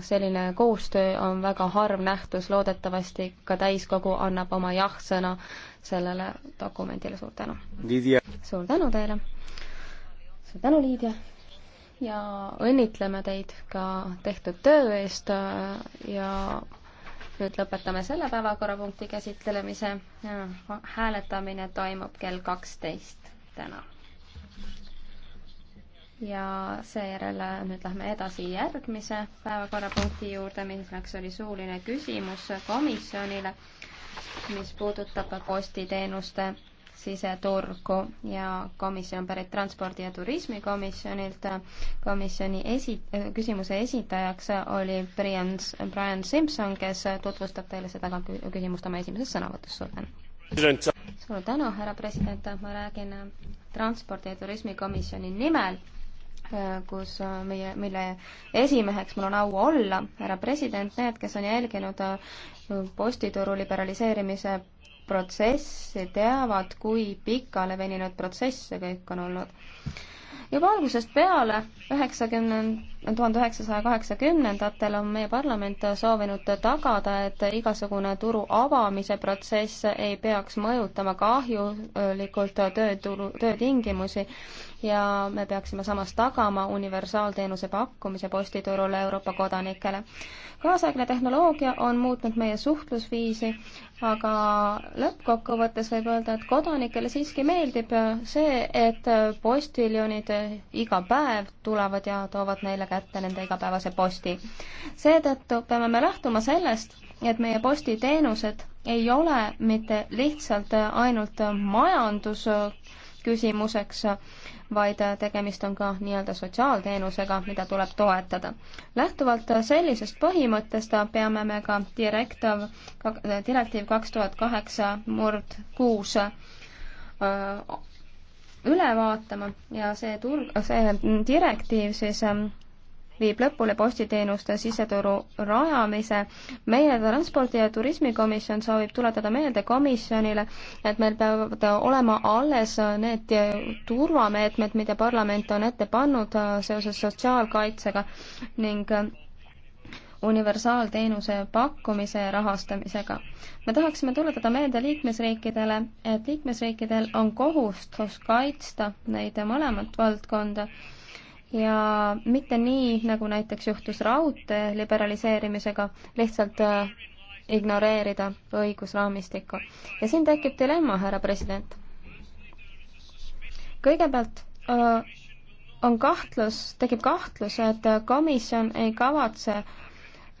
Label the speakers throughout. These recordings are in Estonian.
Speaker 1: selline koostöö on väga harv nähtus, loodetavasti ka täiskogu annab oma jah-sõna sellele dokumendile, suur tänu. suur tänu teile, suur tänu, Liidia, ja õnnitleme teid ka tehtud töö eest ja nüüd lõpetame selle päevakorrapunkti käsitlemise, hääletamine toimub kell kaksteist täna ja seejärel äh, nüüd lähme edasi järgmise päevakorrapunkti juurde, milleks oli suuline küsimus komisjonile, mis puudutab postiteenuste siseturgu ja komisjon pärit Transpordi- ja Turismikomisjonilt. Äh, komisjoni esi-, äh, küsimuse esitajaks oli Brian, Brian Simson, kes tutvustab teile seda küsimust oma esimeses sõnavõtus. suur tänu! suur tänu, härra president, ma räägin Transpordi- ja Turismikomisjoni nimel Äh, kus äh, meie, mille esimeheks mul on au olla, härra president, need, kes on jälginud äh, postituru liberaliseerimise protsessi, teavad, kui pikale veninud protsess see kõik on olnud. juba algusest peale, üheksakümnend, tuhande üheksasaja kaheksakümnendatel on meie parlament soovinud tagada, et igasugune turu avamise protsess ei peaks mõjutama kahjulikult tööturu, töötingimusi ja me peaksime samas tagama universaalteenuse pakkumise postiturule Euroopa kodanikele. kaasaegne tehnoloogia on muutnud meie suhtlusviisi, aga lõppkokkuvõttes võib öelda, et kodanikele siiski meeldib see, et postiljonid iga päev tulevad ja toovad neile kätte nende igapäevase posti. seetõttu peame me lähtuma sellest, et meie postiteenused ei ole mitte lihtsalt ainult majandus küsimuseks, vaid tegemist on ka nii-öelda sotsiaalteenusega, mida tuleb toetada. lähtuvalt sellisest põhimõttest peame me ka direktor, direktiiv kaks tuhat kaheksa murd kuus äh, üle vaatama ja see turg, see direktiiv siis ähm, viib lõpule postiteenuste siseturu rajamise. meie Transpordi- ja Turismikomisjon soovib tuletada meelde komisjonile, et meil peavad olema alles need turvameetmed, mida parlament on ette pannud seoses sotsiaalkaitsega ning universaalteenuse pakkumise ja rahastamisega. me tahaksime tuletada meelde liikmesriikidele, et liikmesriikidel on kohustus kaitsta neid mõlemat valdkonda ja mitte nii, nagu näiteks juhtus raudtee liberaliseerimisega, lihtsalt äh, ignoreerida õigusraamistikku. ja siin tekib dilemma, härra president. kõigepealt äh, on kahtlus, tekib kahtlus, et äh, komisjon ei kavatse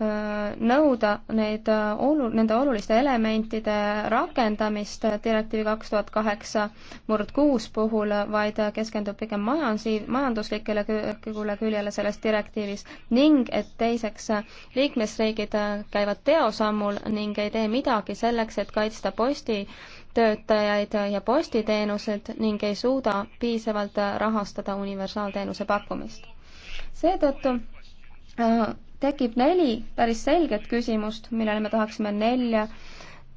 Speaker 1: Äh, nõuda neid äh, olu-, nende oluliste elementide rakendamist direktiivi kaks tuhat kaheksa murd kuus puhul, vaid keskendub pigem majandusi, majanduslikele küljele, küljele selles direktiivis ning et teiseks, liikmesriigid käivad teosammul ning ei tee midagi selleks, et kaitsta posti töötajaid ja postiteenused ning ei suuda piisavalt rahastada universaalteenuse pakkumist. seetõttu äh, tekib neli päris selget küsimust, millele me tahaksime nelja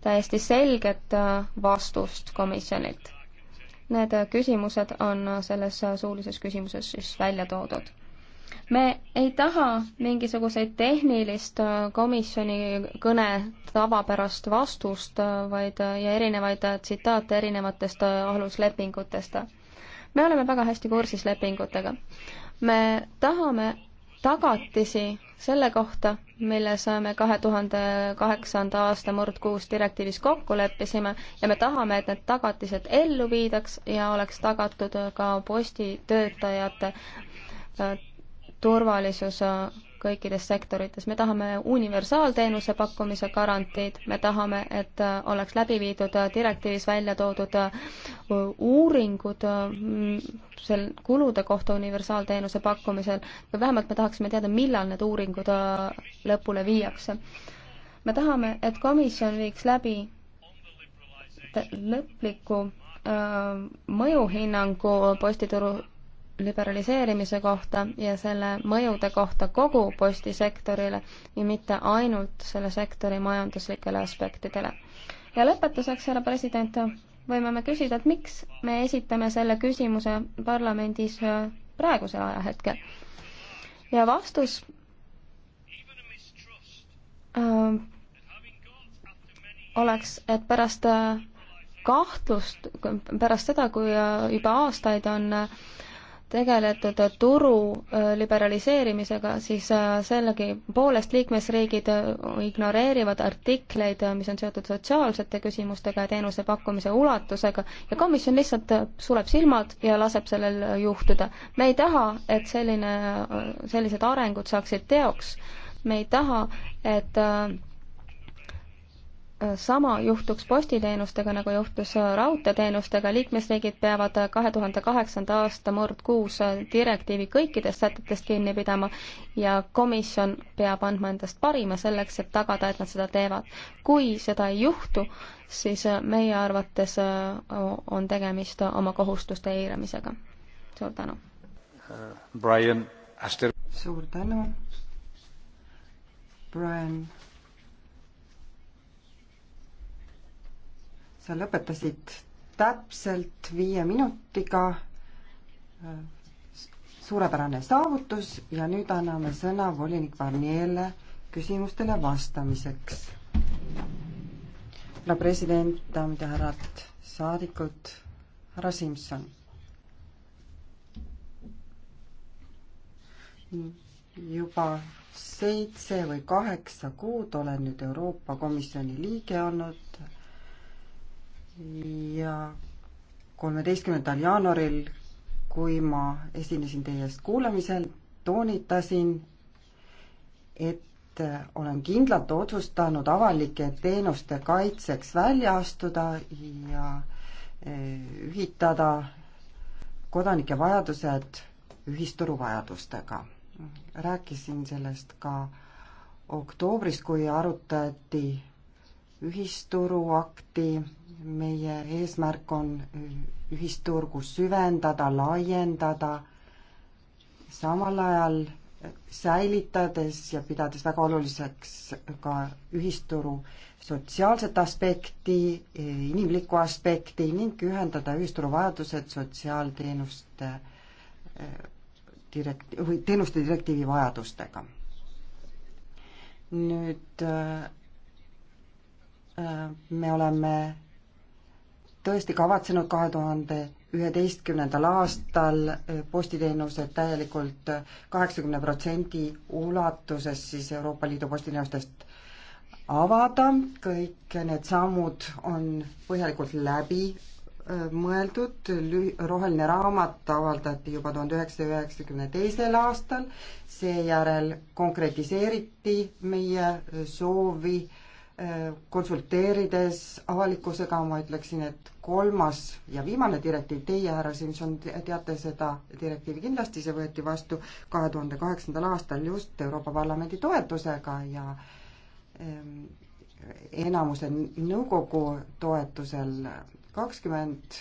Speaker 1: täiesti selget äh, vastust komisjonilt. Need äh, küsimused on äh, selles suulises küsimuses siis välja toodud. me ei taha mingisuguseid tehnilist komisjoni kõne tavapärast vastust, vaid, ja erinevaid tsitaate erinevatest aluslepingutest. me oleme väga hästi kursis lepingutega. me tahame tagatisi selle kohta, milles me kahe tuhande kaheksanda aasta murdkuus direktiivis kokku leppisime ja me tahame, et need tagatised ellu viidaks ja oleks tagatud ka postitöötajate äh, turvalisus äh, kõikides sektorites. me tahame universaalteenuse pakkumise garantiid, me tahame, et äh, oleks läbi viidud direktiivis välja toodud uuringud mm, sel kulude kohta universaalteenuse pakkumisel või vähemalt me tahaksime teada, millal need uuringud äh, lõpule viiakse. me tahame, et komisjon viiks läbi lõpliku äh, mõjuhinnangu postituru liberaliseerimise kohta ja selle mõjude kohta kogu postisektorile ja mitte ainult selle sektori majanduslikele aspektidele. ja lõpetuseks, härra president, võime me küsida, et miks me esitame selle küsimuse parlamendis äh, praegusel ajahetkel. ja vastus öö, äh, oleks, et pärast äh, kahtlust, pärast seda, kui juba aastaid on öö, tegeletud turu äh, liberaliseerimisega, siis äh, sellegipoolest liikmesriigid äh, ignoreerivad artikleid, mis on seotud sotsiaalsete küsimustega ja teenuse pakkumise ulatusega ja komisjon lihtsalt suleb silmad ja laseb sellel juhtuda. me ei taha, et selline, sellised arengud saaksid teoks. me ei taha, et äh, sama juhtuks postiteenustega, nagu juhtus raudteeteenustega, liikmesriigid peavad kahe tuhande kaheksanda aasta murdkuus direktiivi kõikidest sätetest kinni pidama ja komisjon peab andma endast parima selleks, et tagada, et nad seda teevad. kui seda ei juhtu, siis meie arvates on tegemist oma kohustuste eiramisega. suur tänu.
Speaker 2: Brian Aster. suur
Speaker 3: tänu. Brian sa lõpetasid täpselt viie minutiga. suurepärane saavutus ja nüüd anname sõna volinik Barniele küsimustele vastamiseks. härra president, daamid ja härrad saadikud, härra Simson. juba seitse või kaheksa kuud olen nüüd Euroopa Komisjoni liige olnud ja kolmeteistkümnendal jaanuaril, kui ma esinesin teie eest kuulamisel, toonitasin, et olen kindlalt otsustanud avalike teenuste kaitseks välja astuda ja eh, ühitada kodanike vajadused ühisturu vajadustega. rääkisin sellest ka oktoobris, kui arutati ühisturuakti. meie eesmärk on ühisturgu süvendada, laiendada, samal ajal säilitades ja pidades väga oluliseks ka ühisturu sotsiaalset aspekti, inimlikku aspekti ning ühendada ühisturu vajadused sotsiaalteenuste direkt- või teenuste direktiivi vajadustega. nüüd Äh, me oleme tõesti kavatsenud kahe tuhande üheteistkümnendal aastal äh, postiteenused täielikult äh, kaheksakümne protsendi ulatuses siis Euroopa Liidu postiteenustest avada, kõik need sammud on põhjalikult läbi mõeldud, roheline raamat avaldati juba tuhande üheksasaja üheksakümne teisel aastal, seejärel konkretiseeriti meie soovi äh, konsulteerides avalikkusega ma ütleksin, et kolmas ja viimane direktiiv, teie, härra Simson, teate seda direktiivi kindlasti, see võeti vastu kahe tuhande kaheksandal aastal just Euroopa Parlamendi toetusega ja ehm, enamuse nõukogu toetusel kakskümmend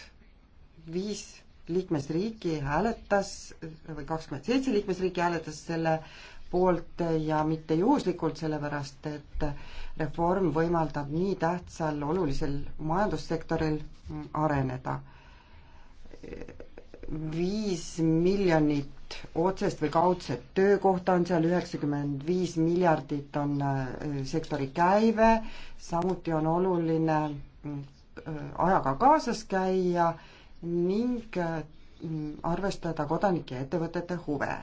Speaker 3: viis liikmesriiki hääletas või kakskümmend seitse liikmesriiki hääletas selle poolt ja mitte juhuslikult, sellepärast et reform võimaldab nii tähtsal olulisel majandussektoril areneda. viis miljonit otsest või kaudset töökohta on seal, üheksakümmend viis miljardit on äh, sektori käive, samuti on oluline äh, ajaga kaasas käia äh, ning äh, arvestada kodanike ja ettevõtete huve.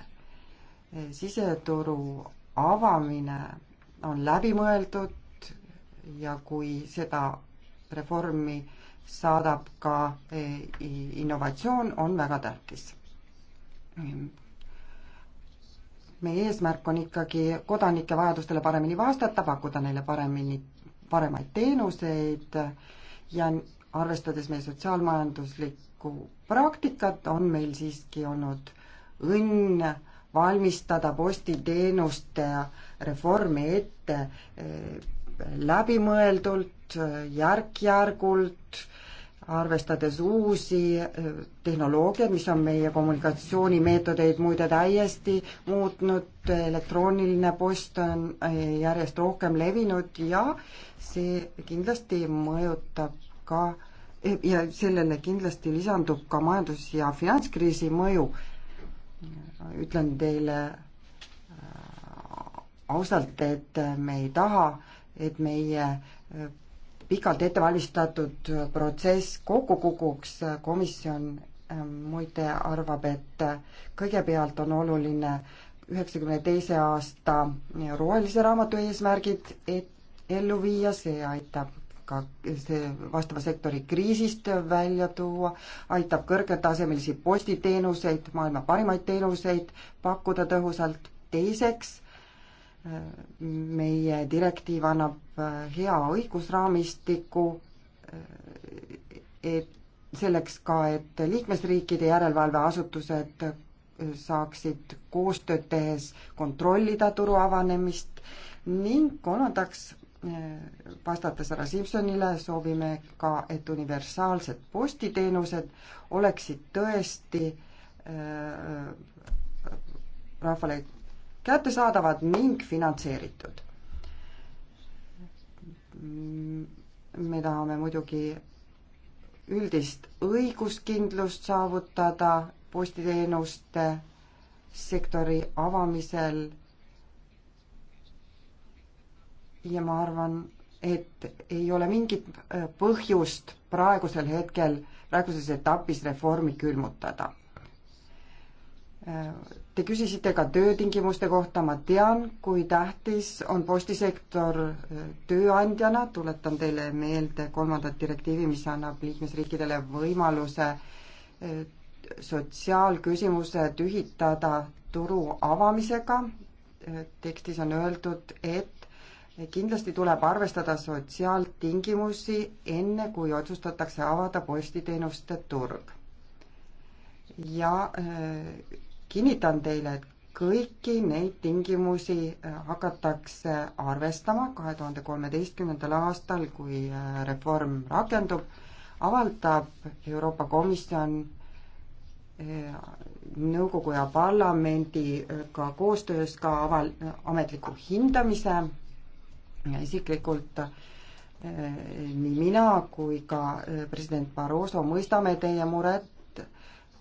Speaker 3: siseturu avamine on läbimõeldud ja kui seda reformi saadab ka äh, innovatsioon, on väga tähtis. meie eesmärk on ikkagi kodanike vajadustele paremini vastata, pakkuda neile paremini, paremaid teenuseid ja arvestades meie sotsiaalmajanduslikku praktikat, on meil siiski olnud õnn valmistada postiteenuste reformi ette eh, läbimõeldult, järk-järgult, arvestades uusi eh, tehnoloogiaid, mis on meie kommunikatsioonimeetodeid muide täiesti muutnud, elektrooniline post on eh, järjest rohkem levinud ja see kindlasti mõjutab ka ja sellele kindlasti lisandub ka majandus- ja finantskriisi mõju. ütlen teile äh, ausalt, et me ei taha, et meie äh, pikalt ettevalmistatud protsess kokku kukuks, komisjon äh, muide arvab, et kõigepealt on oluline üheksakümne teise aasta rohelise raamatu eesmärgid ellu viia, see aitab ka see vastava sektori kriisist välja tuua, aitab kõrgetasemelisi postiteenuseid, maailma parimaid teenuseid pakkuda tõhusalt. teiseks, meie direktiiv annab äh, hea õigusraamistiku, äh, et selleks ka, et liikmesriikide järelevalveasutused äh, saaksid koostööd tehes kontrollida turu avanemist ning kolmandaks vastates härra Simsonile soovime ka, et universaalsed postiteenused oleksid tõesti äh, rahvale kättesaadavad ning finantseeritud. me tahame muidugi üldist õiguskindlust saavutada postiteenuste sektori avamisel ja ma arvan, et ei ole mingit äh, põhjust praegusel hetkel, praeguses etapis reformi külmutada. Äh, te küsisite ka töötingimuste kohta, ma tean, kui tähtis on postisektor äh, tööandjana, tuletan teile meelde kolmandat direktiivi, mis annab liikmesriikidele võimaluse sotsiaalküsimused ühitada turu avamisega, tekstis on öeldud, et kindlasti tuleb arvestada sotsiaaltingimusi, enne kui otsustatakse avada postiteenuste turg. ja äh, kinnitan teile, et kõiki neid tingimusi äh, hakatakse arvestama kahe tuhande kolmeteistkümnendal aastal, kui äh, reform rakendub, avaldab Euroopa Komisjon nõukogu ja parlamendiga koostöös ka aval-, ametliku hindamise isiklikult eh, nii mina kui ka eh, president Barroso mõistame teie muret,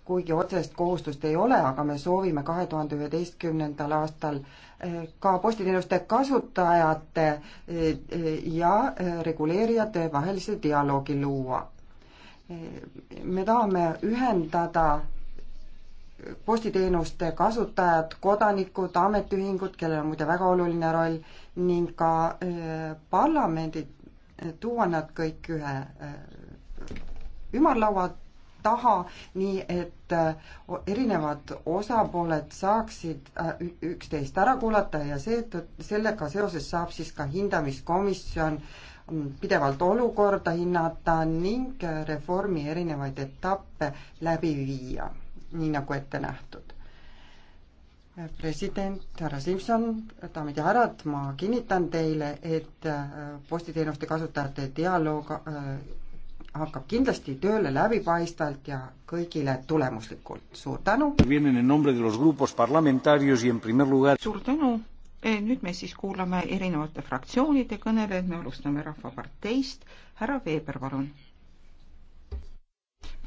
Speaker 3: kuigi otsest kohustust ei ole, aga me soovime kahe tuhande üheteistkümnendal aastal eh, ka postiteenuste kasutajate ja reguleerijate vahelise dialoogi luua. me tahame ühendada postiteenuste kasutajad, kodanikud, ametiühingud, kellel on muide väga oluline roll, ning ka eh, parlamendid, eh, tuua nad kõik ühe eh, ümarlaua taha, nii et erinevad osapooled saaksid üksteist ära kuulata ja seetõttu, sellega seoses saab siis ka hindamiskomisjon mm, pidevalt olukorda hinnata ning reformi erinevaid etappe läbi viia nii nagu ette nähtud. president härra Simson, daamid ja härrad, ma kinnitan teile, et äh, postiteenuste kasutajate dialoog äh, hakkab kindlasti tööle läbipaistvalt ja kõigile tulemuslikult. suur
Speaker 2: tänu! suur tänu! Eh, nüüd me siis kuulame erinevate fraktsioonide kõnelejaid, me alustame Rahvaparteist. härra Veeber, palun.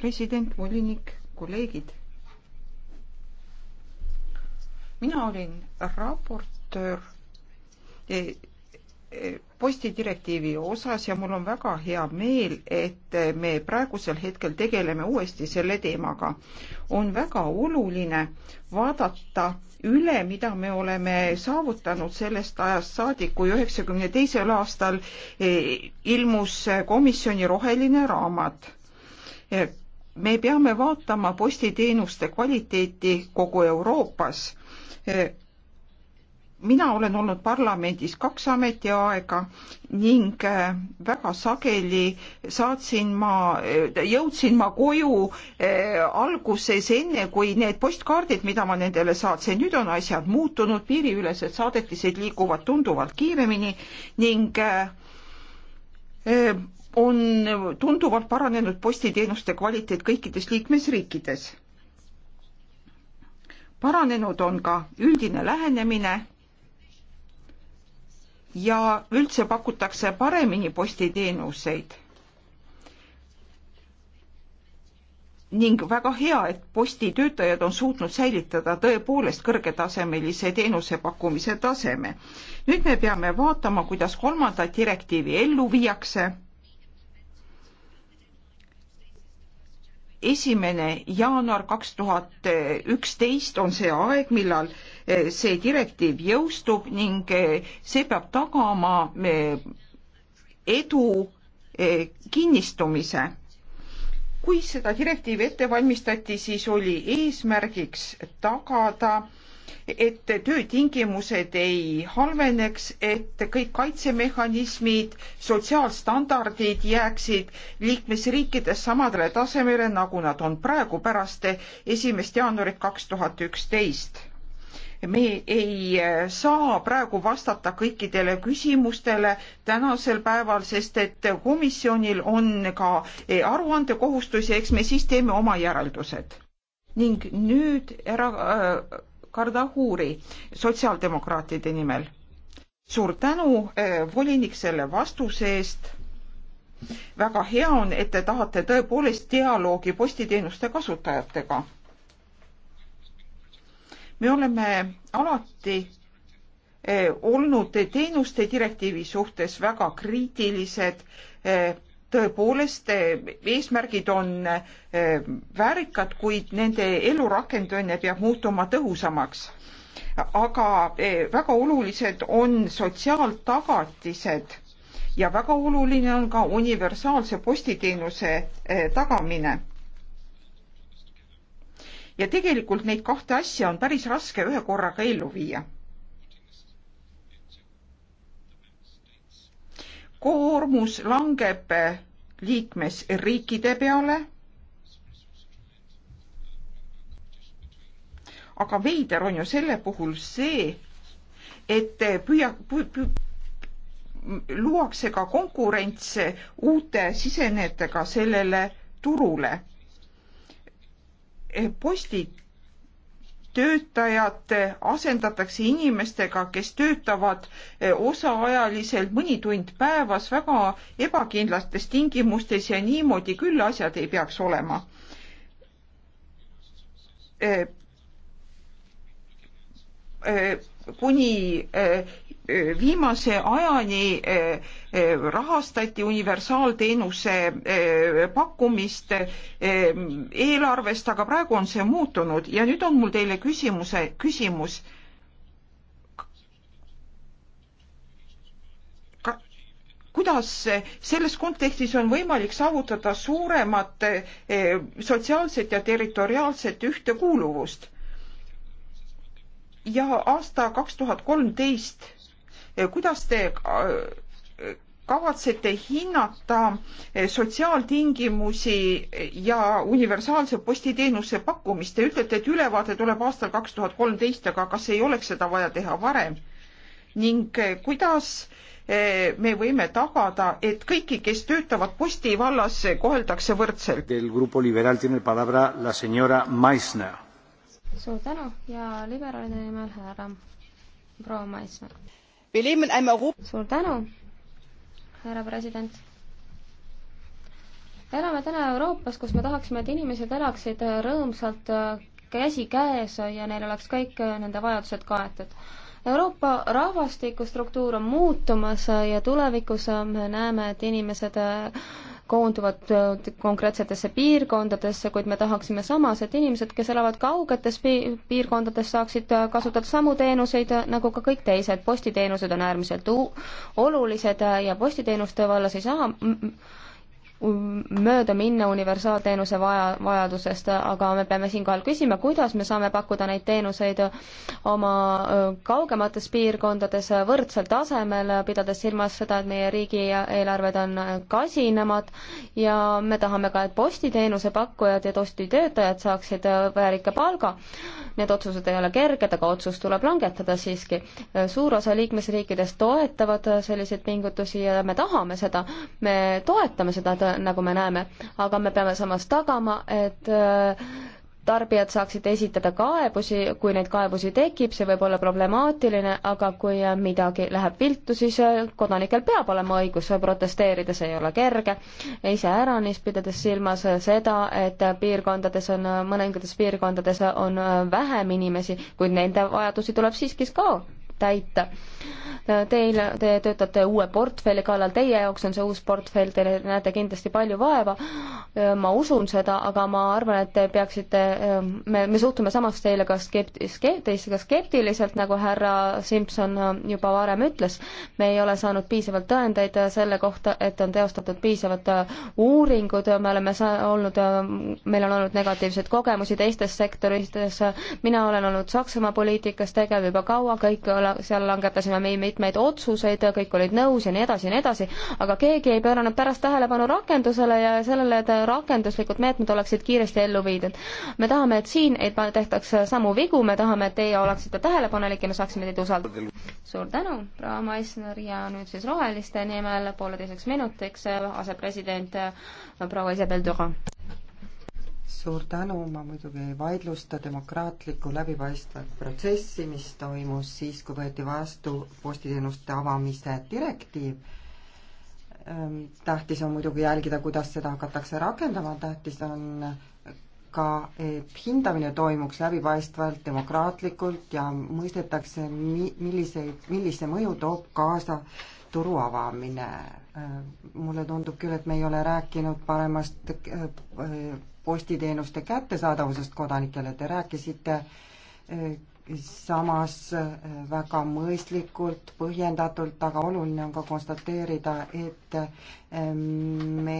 Speaker 2: president, volinik, kolleegid mina olin raportöör e, e, postidirektiivi osas ja mul on väga hea meel, et me praegusel hetkel tegeleme uuesti selle teemaga. on väga oluline vaadata üle, mida me oleme saavutanud sellest ajast saadik, kui üheksakümne teisel aastal e, ilmus komisjoni roheline raamat me peame vaatama postiteenuste kvaliteeti kogu Euroopas mina olen olnud parlamendis kaks ametiaega ning äh, väga sageli saatsin ma, äh, jõudsin ma koju äh, alguses enne, kui need postkaardid, mida ma nendele saatsin, nüüd on asjad muutunud, piiriülesed saadetised liiguvad tunduvalt kiiremini ning on tunduvalt paranenud postiteenuste kvaliteet kõikides liikmesriikides paranenud on ka üldine lähenemine ja üldse pakutakse paremini postiteenuseid. ning väga hea, et postitöötajad on suutnud säilitada tõepoolest kõrgetasemelise teenuse pakkumise taseme. nüüd me peame vaatama, kuidas kolmandat direktiivi ellu viiakse esimene jaanuar kaks tuhat üksteist on see aeg, millal eh, see direktiiv jõustub ning eh, see peab tagama eh, edu kinnistumise. kui seda direktiivi ette valmistati, siis oli eesmärgiks tagada et töötingimused ei halveneks, et kõik kaitsemehhanismid, sotsiaalstandardid jääksid liikmesriikides samadele tasemele, nagu nad on praegu pärast esimest jaanuarit kaks tuhat üksteist me ei eh, saa praegu vastata kõikidele küsimustele tänasel päeval, sest et komisjonil on ka eh, aruandekohustus ja eks me siis teeme oma järeldused. ning nüüd ära äh, Kardahuuri sotsiaaldemokraatide nimel. suur tänu, eh, volinik, selle vastuse eest. väga hea on, et te tahate tõepoolest dialoogi postiteenuste kasutajatega. me oleme alati eh, olnud teenuste direktiivi suhtes väga kriitilised eh, tõepoolest eh, eesmärgid on eh, väärikad, kuid nende elu rakendamine peab muutuma tõhusamaks. aga eh, väga olulised on sotsiaaltagatised ja väga oluline on ka universaalse postiteenuse tagamine. ja tegelikult neid kahte asja on päris raske ühe korraga ellu viia koormus langeb liikmesriikide peale. aga veider on ju selle puhul see, et püüa pü,, pü, luuakse ka konkurents uute sisenejatega sellele turule. postid töötajad asendatakse inimestega, kes töötavad eh, osaajaliselt mõni tund päevas väga ebakindlates tingimustes ja niimoodi küll asjad ei peaks olema eh, eh, kuni äh, äh, viimase ajani äh, rahastati universaalteenuse pakkumist eelarvest, aga praegu on see muutunud ja nüüd on mul teile küsimuse, küsimus. kuidas selles kontekstis on võimalik saavutada suuremat sotsiaalset ja territoriaalset ühtekuuluvust? ja aasta kaks tuhat kolmteist, eh, kuidas te eh, kavatsete hinnata eh, sotsiaaltingimusi ja universaalse postiteenuse pakkumist? Te ütlete, et ülevaade tuleb aastal kaks tuhat kolmteist, aga kas ei oleks seda vaja teha varem? ning kuidas me võime tagada, et kõiki, kes töötavad postivallas, koheldakse võrdselt?
Speaker 1: suur tänu ja liberaalide nimel härra proua Maismaa.
Speaker 4: suur tänu,
Speaker 1: härra president. elame täna Euroopas, kus me tahaksime, et inimesed elaksid rõõmsalt äh, käsi käes ja neil oleks kõik äh, nende vajadused kaetud Euroopa rahvastikustruktuur on muutumas ja tulevikus äh, me näeme, et inimesed koonduvad äh, konkreetsetesse piirkondadesse, kuid me tahaksime samas, et inimesed, kes elavad kaugetes piirkondades, saaksid äh, kasutada samu teenuseid äh, nagu ka kõik teised. postiteenused on äärmiselt olulised ja postiteenuste vallas ei saa mööda minna universaalteenuse vaja, vajadusest, aga me peame siinkohal küsima, kuidas me saame pakkuda neid teenuseid oma kaugemates piirkondades võrdsel tasemel, pidades silmas seda, et meie riigieelarved on kasinamad ja me tahame ka, et postiteenuse pakkujad ja postitöötajad saaksid väärika palga. Need otsused ei ole kerged, aga otsus tuleb langetada siiski. suur osa liikmesriikidest toetavad selliseid pingutusi ja me tahame seda, me toetame seda tõenäoliselt nagu me näeme, aga me peame samas tagama, et äh, tarbijad saaksid esitada kaebusi, kui neid kaebusi tekib, see võib olla problemaatiline, aga kui äh, midagi läheb viltu, siis äh, kodanikel peab olema õigus protesteerida, see ei ole kerge. iseäranis, pidades silmas seda, et piirkondades on, mõningates piirkondades on vähem inimesi, kuid nende vajadusi tuleb siiski ka täita. Teil, te töötate uue portfelli kallal, teie jaoks on see uus portfell, te näete kindlasti palju vaeva, ma usun seda, aga ma arvan, et te peaksite, me, me suhtume samas teile ka skept-, skept-, teisse ka skeptiliselt, nagu härra Simson juba varem ütles. me ei ole saanud piisavalt tõendeid selle kohta, et on teostatud piisavad uuringud, me oleme sa-, olnud, meil on olnud negatiivseid kogemusi teistes sektorites, mina olen olnud Saksamaa poliitikas tegev juba kaua, kõik seal langetasime me mitmeid otsuseid, kõik olid nõus ja nii edasi ja nii edasi, aga keegi ei pööranud pärast tähelepanu rakendusele ja sellele, et rakenduslikud meetmed oleksid kiiresti ellu viidud. me tahame, et siin ei tehtaks samu vigu, me tahame, et teie oleksite tähelepanelik ja me saaksime teid usaldada. suur tänu, proua Maisner ja nüüd siis Roheliste nimel pooleteiseks minutiks asepresident proua Isabel Durand
Speaker 3: suur tänu, ma muidugi ei vaidlusta demokraatlikku läbipaistvat protsessi, mis toimus siis, kui võeti vastu postiteenuste avamise direktiiv. Ehm, tähtis on muidugi jälgida, kuidas seda hakatakse rakendama, tähtis on ka, et hindamine toimuks läbipaistvalt, demokraatlikult ja mõistetakse, mi-, milliseid, millise mõju toob kaasa turu avamine. Ehm, mulle tundub küll, et me ei ole rääkinud paremast ehm, postiteenuste kättesaadavusest kodanikele, te rääkisite eh, samas eh, väga mõistlikult, põhjendatult, aga oluline on ka konstateerida, et eh, me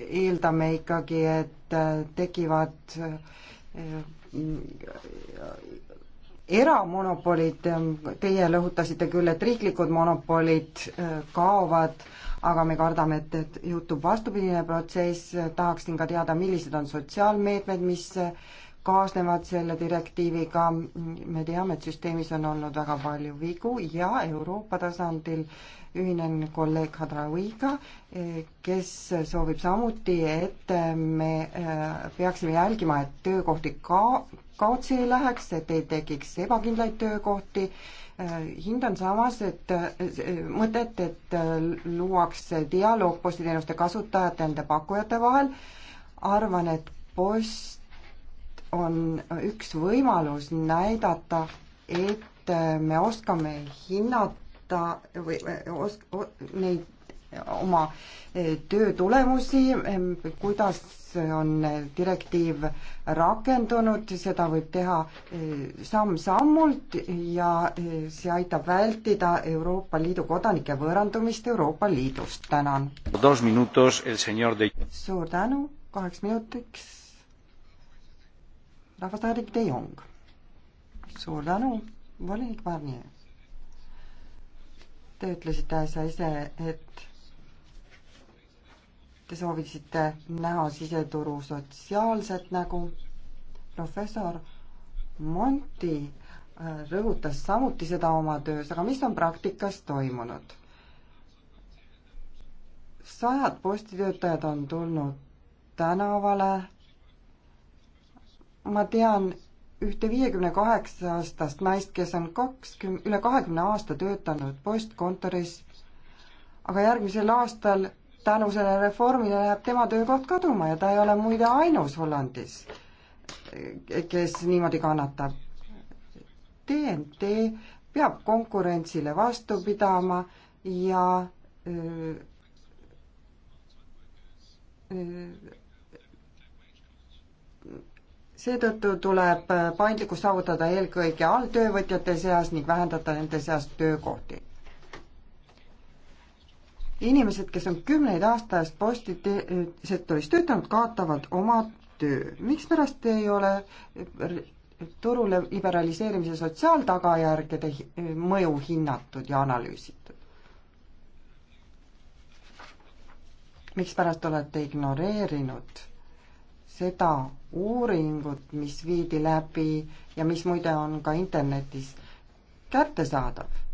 Speaker 3: eeldame ikkagi, et tekivad eramonopolid, teie lõhutasite küll, et riiklikud monopolid kaovad, aga me kardame, et, et juhtub vastupidine protsess, tahaksin ka teada, millised on sotsiaalmeetmed, mis kaasnevad selle direktiiviga, me teame, et süsteemis on olnud väga palju vigu ja Euroopa tasandil ühinen kolleeg Hadraoiga, kes soovib samuti, et me äh, peaksime jälgima, et töökohti ka kaotsi ei läheks, et ei tekiks ebakindlaid töökohti Äh, hindan samas, et mõtet, et äh, luuakse dialoog postiteenuste kasutajate ja nende pakkujate vahel. arvan, et post on üks võimalus näidata, et äh, me oskame hinnata või osk-, neid oma töö tulemusi, kuidas on direktiiv rakendunud, seda võib teha eh, samm-sammult ja eh, see aitab vältida Euroopa Liidu kodanike võõrandumist Euroopa Liidust. tänan.
Speaker 2: De...
Speaker 3: suur tänu, kaheks minutiks rahvasaadik De Jong. suur tänu, volinik Barnier. Te ütlesite äsja ise, et Te sooviksite näha siseturu sotsiaalset nägu. professor Monti äh, rõhutas samuti seda oma töös, aga mis on praktikas toimunud? sajad postitöötajad on tulnud tänavale. ma tean ühte viiekümne kaheksa aastast naist, kes on kakskümmend, üle kahekümne aasta töötanud postkontoris, aga järgmisel aastal tänu sellele reformile läheb tema töökoht kaduma ja ta ei ole muide ainus Hollandis, kes niimoodi kannatab. TNT peab konkurentsile vastu pidama ja öö, seetõttu tuleb paindlikkus saavutada eelkõige alltöövõtjate seas ning vähendada nende seas töökohti inimesed, kes on kümneid aasta eest postisektoris töötanud, kaotavad oma töö. mikspärast ei ole turule liberaliseerimise sotsiaaltagajärgede mõju hinnatud ja analüüsitud? mikspärast olete ignoreerinud seda uuringut, mis viidi läbi ja mis muide on ka internetis kättesaadav?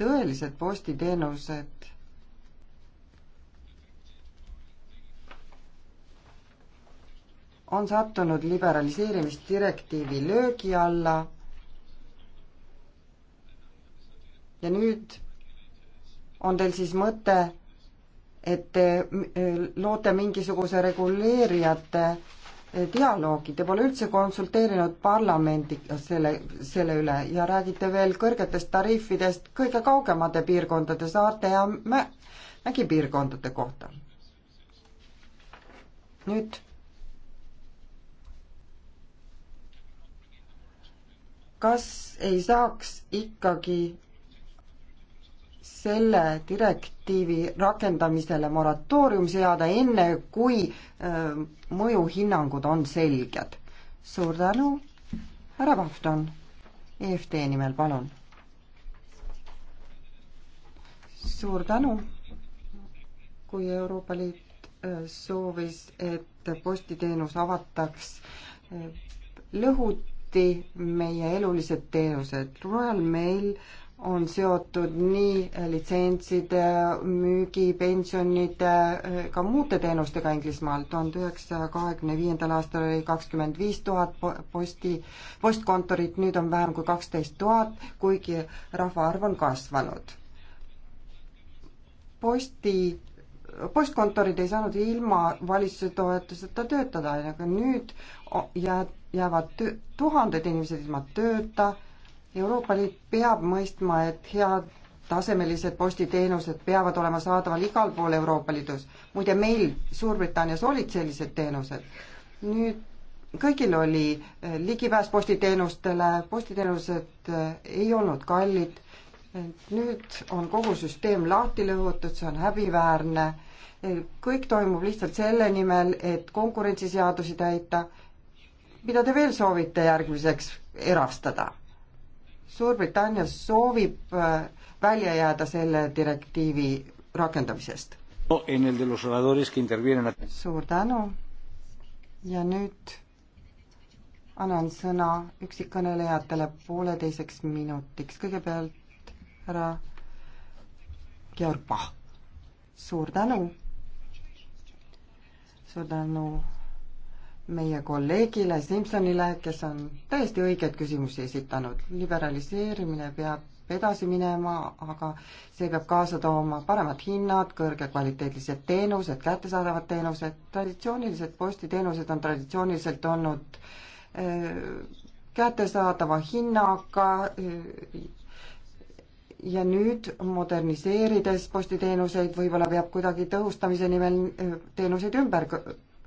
Speaker 3: tõelised postiteenused on sattunud liberaliseerimisdirektiivi löögi alla ja nüüd on teil siis mõte, et te loote mingisuguse reguleerijate dialoogi, te pole üldse konsulteerinud parlamendiga selle, selle üle ja räägite veel kõrgetest tariifidest kõige kaugemate piirkondade, saarte ja mä-, mägipiirkondade kohta. nüüd kas ei saaks ikkagi selle direktiivi rakendamisele moratoorium seada, enne kui mõjuhinnangud on selged. suur tänu, härra Pahvton, EFT nimel, palun. suur tänu, kui Euroopa Liit soovis, et postiteenus avataks lõhuti meie elulised teenused, Royal Mail äh, on seotud nii litsentside, müügi, pensionide, ka muude teenustega Inglismaal. tuhande üheksasaja kahekümne viiendal aastal oli kakskümmend viis tuhat posti, postkontorit, nüüd on vähem kui kaksteist tuhat, kuigi rahvaarv on kasvanud. posti, postkontorid ei saanud ilma valitsuse toetuseta töötada, aga nüüd jääb, jäävad tuhanded inimesed ilma tööta Euroopa Liit peab mõistma, et head tasemelised postiteenused peavad olema saadaval igal pool Euroopa Liidus. muide, meil Suurbritannias olid sellised teenused. nüüd kõigil oli eh, ligipääs postiteenustele, postiteenused eh, ei olnud kallid, nüüd on kogu süsteem lahti lõhutud, see on häbiväärne, eh, kõik toimub lihtsalt selle nimel, et konkurentsiseadusi täita. mida te veel soovite järgmiseks erastada? Suurbritannia soovib äh, välja jääda selle direktiivi rakendamisest. suur tänu ja nüüd annan sõna üksikõnelejatele pooleteiseks minutiks. kõigepealt härra Georg Pah, suur tänu, suur tänu meie kolleegile Simsonile, kes on täiesti õigeid küsimusi esitanud. liberaliseerimine peab edasi minema, aga see peab kaasa tooma paremad hinnad, kõrgekvaliteedilised teenused, kättesaadavad teenused, traditsioonilised postiteenused on traditsiooniliselt olnud äh, kättesaadava hinnaga äh, ja nüüd moderniseerides postiteenuseid, võib-olla peab kuidagi tõhustamise nimel äh, teenuseid ümber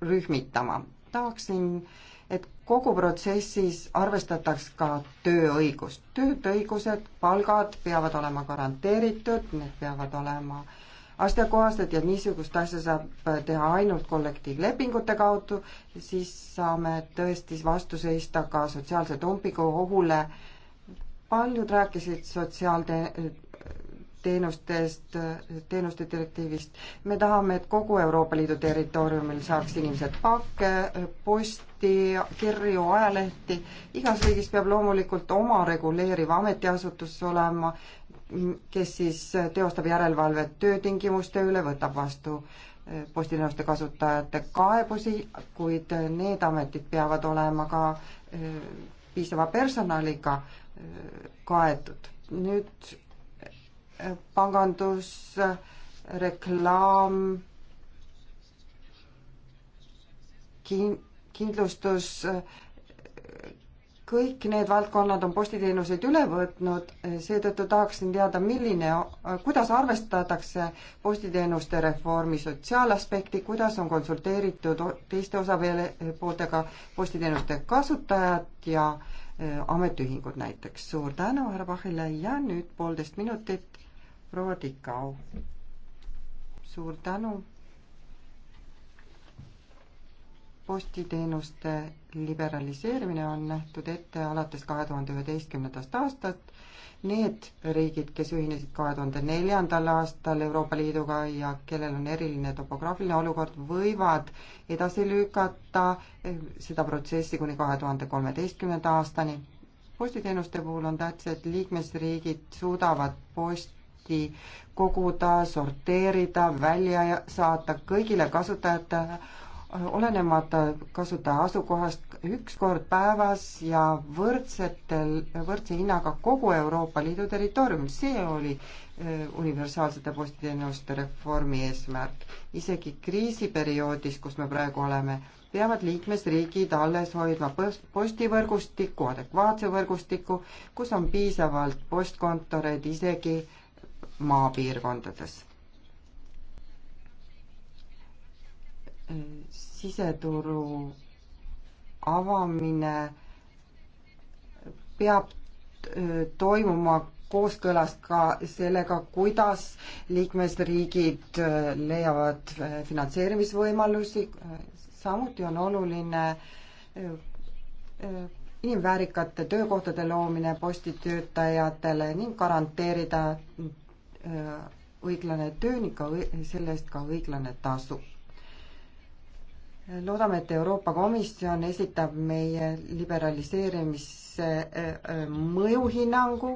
Speaker 3: rühmitama tahaksin, et kogu protsessis arvestataks ka tööõigust. tööõigused, palgad peavad olema garanteeritud, need peavad olema asjakohased ja niisugust asja saab teha ainult kollektiivlepingute kaudu, siis saame tõesti vastu seista ka sotsiaalse dumpingu ohule. paljud rääkisid sotsiaalde-, teenustest, teenuste direktiivist. me tahame, et kogu Euroopa Liidu territooriumil saaks inimesed pakke, posti, kirju, ajalehti, igas riigis peab loomulikult oma reguleeriv ametiasutus olema, kes siis teostab järelevalvet töötingimuste üle, võtab vastu eh, postilõuste kasutajate kaebusi, kuid need ametid peavad olema ka eh, piisava personaliga eh, kaetud. nüüd pangandus, reklaam, kin-, kindlustus, kõik need valdkonnad on postiteenuseid üle võtnud, seetõttu tahaksin teada, milline, kuidas arvestatakse postiteenuste reformi sotsiaalaspekti, kuidas on konsulteeritud teiste osapooltega postiteenuste kasutajad ja eh, ametiühingud näiteks. suur tänu härra Pahile ja nüüd poolteist minutit proua Tikau. suur tänu. postiteenuste liberaliseerimine on nähtud ette alates kahe tuhande üheteistkümnendast aastast need riigid, kes ühinesid kahe tuhande neljandal aastal Euroopa Liiduga ja kellel on eriline topograafiline olukord, võivad edasi lükata eh, seda protsessi kuni kahe tuhande kolmeteistkümnenda aastani. postiteenuste puhul on tähtis, et liikmesriigid suudavad post lahti koguda, sorteerida, välja saata kõigile kasutajatele, olenemata kasutaja asukohast, üks kord päevas ja võrdsetel, võrdse hinnaga kogu Euroopa Liidu territooriumil. see oli äh, universaalsete postiteenuste reformi eesmärk. isegi kriisiperioodis, kus me praegu oleme, peavad liikmesriigid alles hoidma postivõrgustikku, adekvaatse võrgustiku, kus on piisavalt postkontoreid isegi maapiirkondades. siseturu avamine peab toimuma kooskõlas ka sellega, kuidas liikmesriigid leiavad finantseerimisvõimalusi, samuti on oluline inimväärikate töökohtade loomine postitöötajatele ning garanteerida Äh, õiglane töö ning ka selle eest ka õiglane tasu. loodame, et Euroopa Komisjon esitab meie liberaliseerimise äh, äh, mõjuhinnangu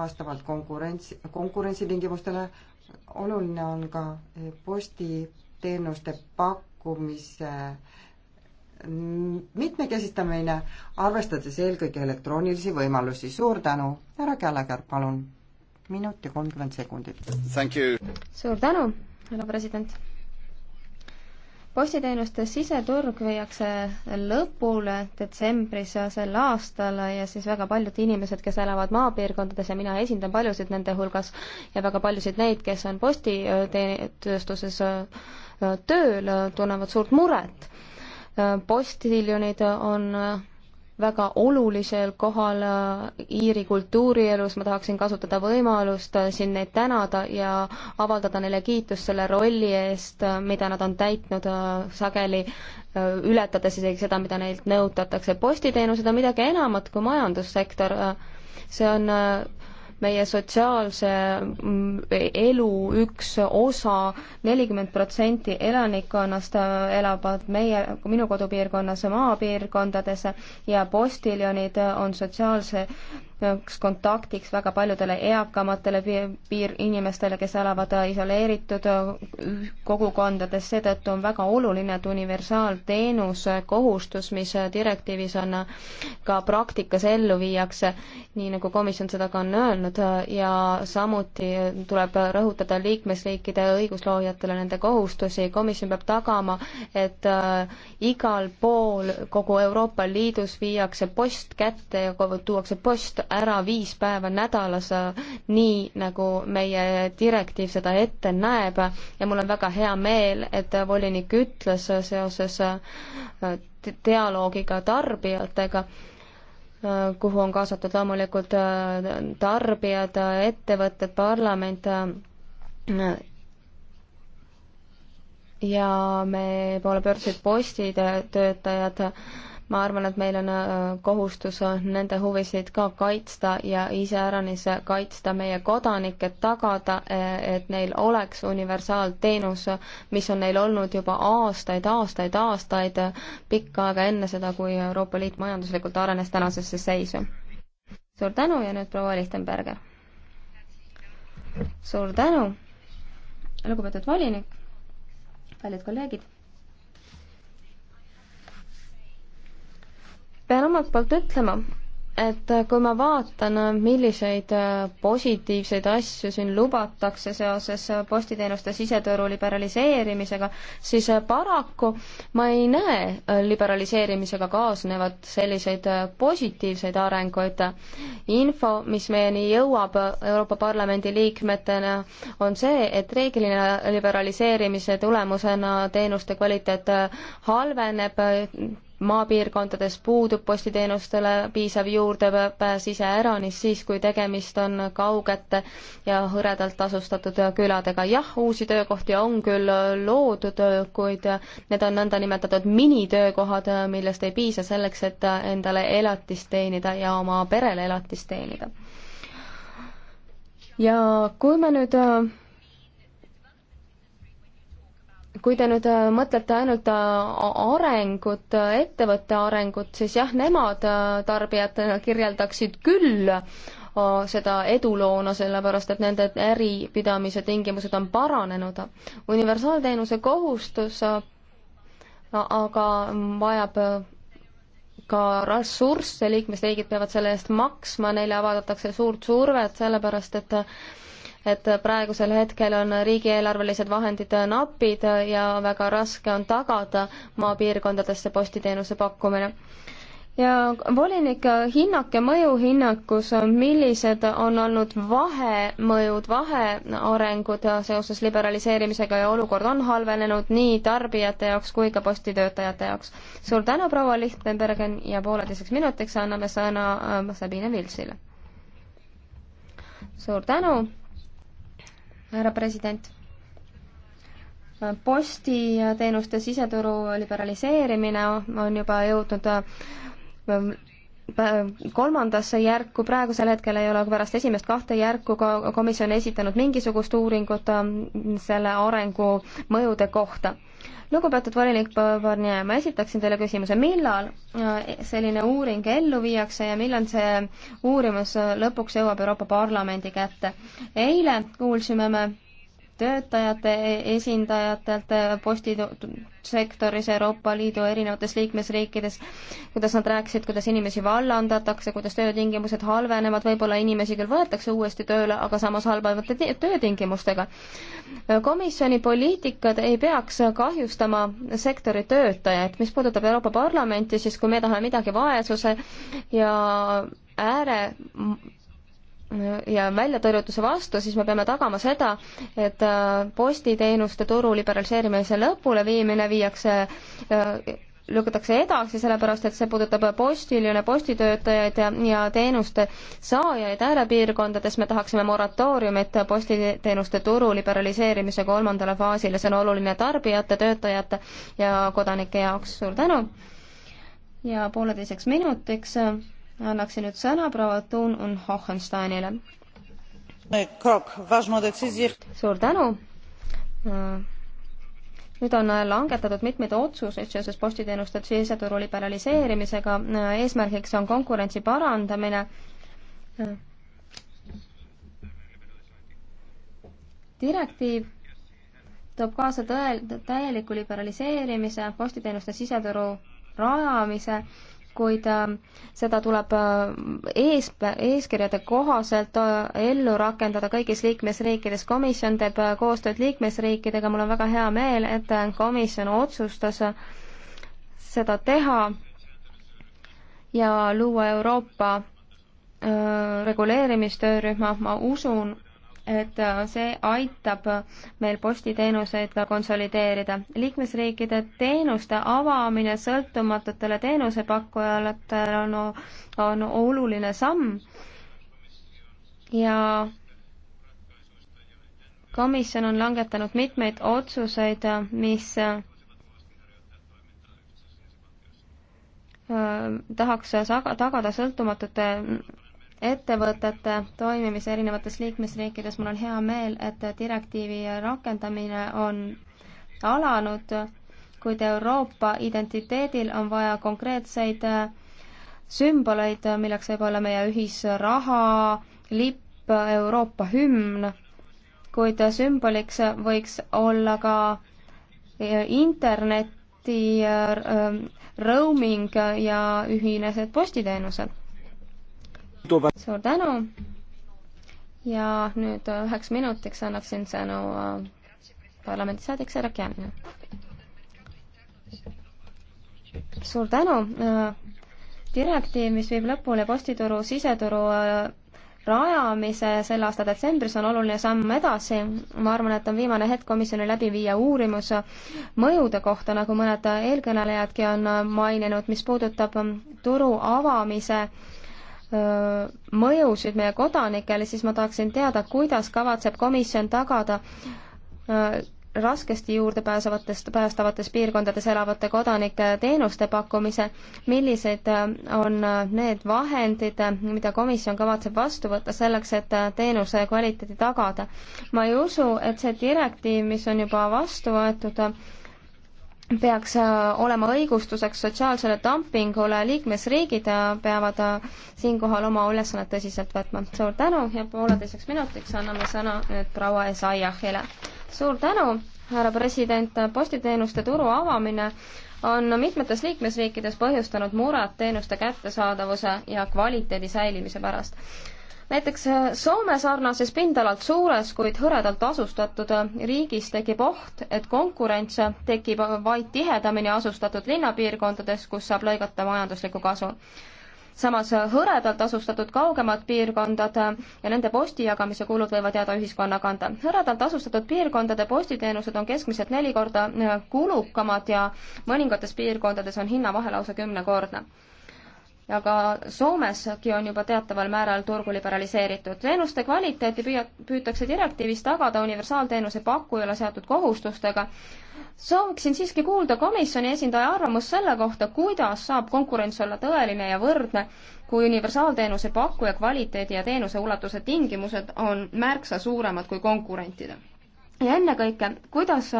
Speaker 3: vastavalt konkurentsi, konkurentsitingimustele. oluline on ka postiteenuste pakkumise mm, mitmekesistamine, arvestades eelkõige elektroonilisi võimalusi. suur tänu, härra Kälekäär, palun minut ja kolmkümmend sekundit.
Speaker 1: suur tänu, härra president. postiteenuste siseturg viiakse lõpule detsembris sel aastal ja siis väga paljud inimesed, kes elavad maapiirkondades ja mina esindan paljusid nende hulgas ja väga paljusid neid, kes on postitööstuses tööl, tunnevad suurt muret. postiljonid on väga olulisel kohal äh, Iiri kultuurielus, ma tahaksin kasutada võimalust äh, siin neid tänada ja avaldada neile kiitust selle rolli eest, äh, mida nad on täitnud sageli, ületades isegi seda, mida neilt nõutatakse. postiteenused on midagi enamat kui majandussektor, see on meie sotsiaalse mm, elu üks osa, nelikümmend protsenti elanikkonnast äh, elavad meie, minu kodupiirkonnas maapiirkondades ja postiljonid on sotsiaalse üheks kontaktiks väga paljudele eakamatele piirinimestele, kes elavad äh, isoleeritud äh, kogukondades, seetõttu on väga oluline, et universaalteenuse kohustus, mis äh, direktiivis on, ka praktikas ellu viiakse, nii nagu komisjon seda ka on öelnud, ja samuti tuleb rõhutada liikmesriikide õigusloojatele nende kohustusi, komisjon peab tagama, et igal pool kogu Euroopa Liidus viiakse post kätte ja tuuakse post ära viis päeva nädalas, nii nagu meie direktiiv seda ette näeb ja mul on väga hea meel, et volinik ütles seoses äh, dialoogiga tarbijatega, äh, kuhu on kaasatud loomulikult äh, tarbijad, ettevõtted, parlament ja me poole pöördusid postitöötajad ma arvan, et meil on äh, kohustus äh, nende huvisid ka kaitsta ja iseäranis äh, kaitsta meie kodanikke, tagada, et neil oleks universaalteenus, mis on neil olnud juba aastaid, aastaid, aastaid, pikka aega enne seda, kui Euroopa Liit majanduslikult arenes tänasesse seisu. suur tänu ja nüüd proua Lichtenberger. suur tänu, lugupeetud volinik, kallid kolleegid pean omalt poolt ütlema, et äh, kui ma vaatan, äh, milliseid äh, positiivseid asju siin lubatakse seoses postiteenuste siseturu liberaliseerimisega, siis paraku ma ei näe liberaliseerimisega kaasnevat selliseid positiivseid arenguid. info, mis meieni jõuab Euroopa Parlamendi liikmetena, on see, et reeglina liberaliseerimise tulemusena teenuste kvaliteet halveneb maapiirkondades puudub postiteenustele piisav juurdepääs iseäranis siis, kui tegemist on kaugete ja hõredalt asustatud küladega. jah, uusi töökohti on küll loodud, kuid need on nõndanimetatud minitöökohad, millest ei piisa selleks, et endale elatist teenida ja oma perele elatist teenida. ja kui me nüüd kui te nüüd äh, mõtlete ainult äh, arengut, äh, ettevõtte arengut, siis jah, nemad tarbijatena kirjeldaksid küll seda eduloona, sellepärast et nende äripidamise tingimused on paranenud. universaalteenuse kohustus aga vajab ka ressursse, liikmesriigid peavad selle eest maksma, neile avaldatakse suurt survet, sellepärast et äh, et praegusel hetkel on riigieelarvelised vahendid napid ja väga raske on tagada maapiirkondadesse postiteenuse pakkumine ja volinik, hinnake mõjuhinnakus, millised on olnud vahemõjud, vahearengud seoses liberaliseerimisega ja olukord on halvenenud nii tarbijate jaoks kui ka postitöötajate jaoks. suur tänu, proua Lichtenbergen ja pooleteiseks minutiks anname sõna ähm, Sabine Vilsile. suur tänu härra president. postiteenuste siseturu liberaliseerimine on juba jõudnud äh, kolmandasse järku, praegusel hetkel ei ole pärast esimest kahte järku ka komisjon esitanud mingisugust uuringut äh, selle arengu mõjude kohta lugupeetud volinik Barnier, ma esitaksin teile küsimuse, millal äh, selline uuring ellu viiakse ja millal see uurimus lõpuks jõuab Euroopa Parlamendi kätte? eile kuulsime me töötajate e-, esindajatelt e, postisektoris Euroopa Liidu erinevates liikmesriikides, kuidas nad rääkisid, kuidas inimesi vallandatakse, kuidas töötingimused halvenevad, võib-olla inimesi küll võetakse uuesti tööle, aga samas halvemate töötingimustega. komisjoni poliitikad ei peaks kahjustama sektori töötajaid, mis puudutab Euroopa Parlamenti, siis kui me tahame midagi vaesuse ja ääre ja väljatõrjutuse vastu, siis me peame tagama seda, et äh, postiteenuste turu liberaliseerimise lõpuleviimine viiakse äh, lükatakse edasi, sellepärast et see puudutab postiline, postitöötajaid ja, ja teenuste saajaid äärepiirkondades, me tahaksime moratooriumit postiteenuste turu liberaliseerimise kolmandale faasile, see on oluline tarbijate, töötajate ja kodanike jaoks, suur tänu! ja pooleteiseks minutiks annaksin nüüd sõna proua Thun und Hohensteinile. suur tänu. Äh, nüüd on langetatud mitmeid otsuseid seoses postiteenuste siseturu liberaliseerimisega. Äh, eesmärgiks on konkurentsi parandamine. Äh, direktiiv toob kaasa tõel-, täieliku liberaliseerimise, postiteenuste siseturu rajamise kuid äh, seda tuleb äh, ees, eeskirjade kohaselt äh, ellu rakendada kõigis liikmesriikides. komisjon teeb koostööd liikmesriikidega, mul on väga hea meel, et komisjon otsustas seda teha ja luua Euroopa reguleerimistöörühma, ma usun, et äh, see aitab meil postiteenuseid konsolideerida. liikmesriikide teenuste avamine sõltumatutele teenusepakkujatele on, on oluline samm ja komisjon on langetanud mitmeid otsuseid, mis äh, tahaks tagada sõltumatute ettevõtete toimimise erinevates liikmesriikides. mul on hea meel, et direktiivi rakendamine on alanud, kuid Euroopa identiteedil on vaja konkreetseid sümboleid, milleks võib olla meie ühisraha, lipp, Euroopa hümn, kuid sümboliks võiks olla ka interneti äh, roaming ja ühinesed postiteenused suur tänu ja nüüd äh, üheks minutiks annaksin sõnu äh, parlamendisaadiks härra Kjärnile. suur tänu. Äh, direktiiv, mis viib lõpule postituru, siseturu rajamise selle aasta detsembris on oluline samm edasi. ma arvan, et on viimane hetk komisjoni läbi viia uurimus mõjude kohta, nagu mõned eelkõnelejadki on maininud, mis puudutab turu avamise äh, mõjusid meie kodanikele, siis ma tahaksin teada, kuidas kavatseb komisjon tagada raskesti juurdepääsevatest, päästavates piirkondades elavate kodanike teenuste pakkumise, millised on need vahendid, mida komisjon kavatseb vastu võtta selleks, et teenuse kvaliteedi tagada? ma ei usu, et see direktiiv, mis on juba vastu võetud, peaks äh, olema õigustuseks sotsiaalsele dumpingule, liikmesriigid äh, peavad äh, siinkohal oma ülesannet tõsiselt võtma. suur tänu ja pooleteiseks minutiks anname sõna nüüd proua Esaiahile. suur tänu, härra president, postiteenuste turu avamine on mitmetes liikmesriikides põhjustanud muret teenuste kättesaadavuse ja kvaliteedi säilimise pärast näiteks äh, Soome sarnases pindalalt suures, kuid hõredalt asustatud äh, riigis tekib oht, et konkurents äh, tekib vaid tihedamini asustatud linnapiirkondades, kus saab lõigata majanduslikku kasu. samas hõredalt asustatud kaugemad piirkondad ja nende postijagamise kulud võivad jääda ühiskonna kanda. hõredalt asustatud piirkondade postiteenused on keskmiselt neli korda kulukamad ja mõningates piirkondades on hinnavahe lausa kümnekordne aga Soomeski on juba teataval määral turgu liberaliseeritud. teenuste kvaliteeti püüa-, püütakse direktiivis tagada universaalteenuse pakkujale seatud kohustustega. sooviksin siiski kuulda komisjoni esindaja arvamust selle kohta, kuidas saab konkurents olla tõeline ja võrdne, kui universaalteenuse pakkuja kvaliteedi ja teenuse ulatuse tingimused on märksa suuremad kui konkurentide. ja ennekõike, kuidas,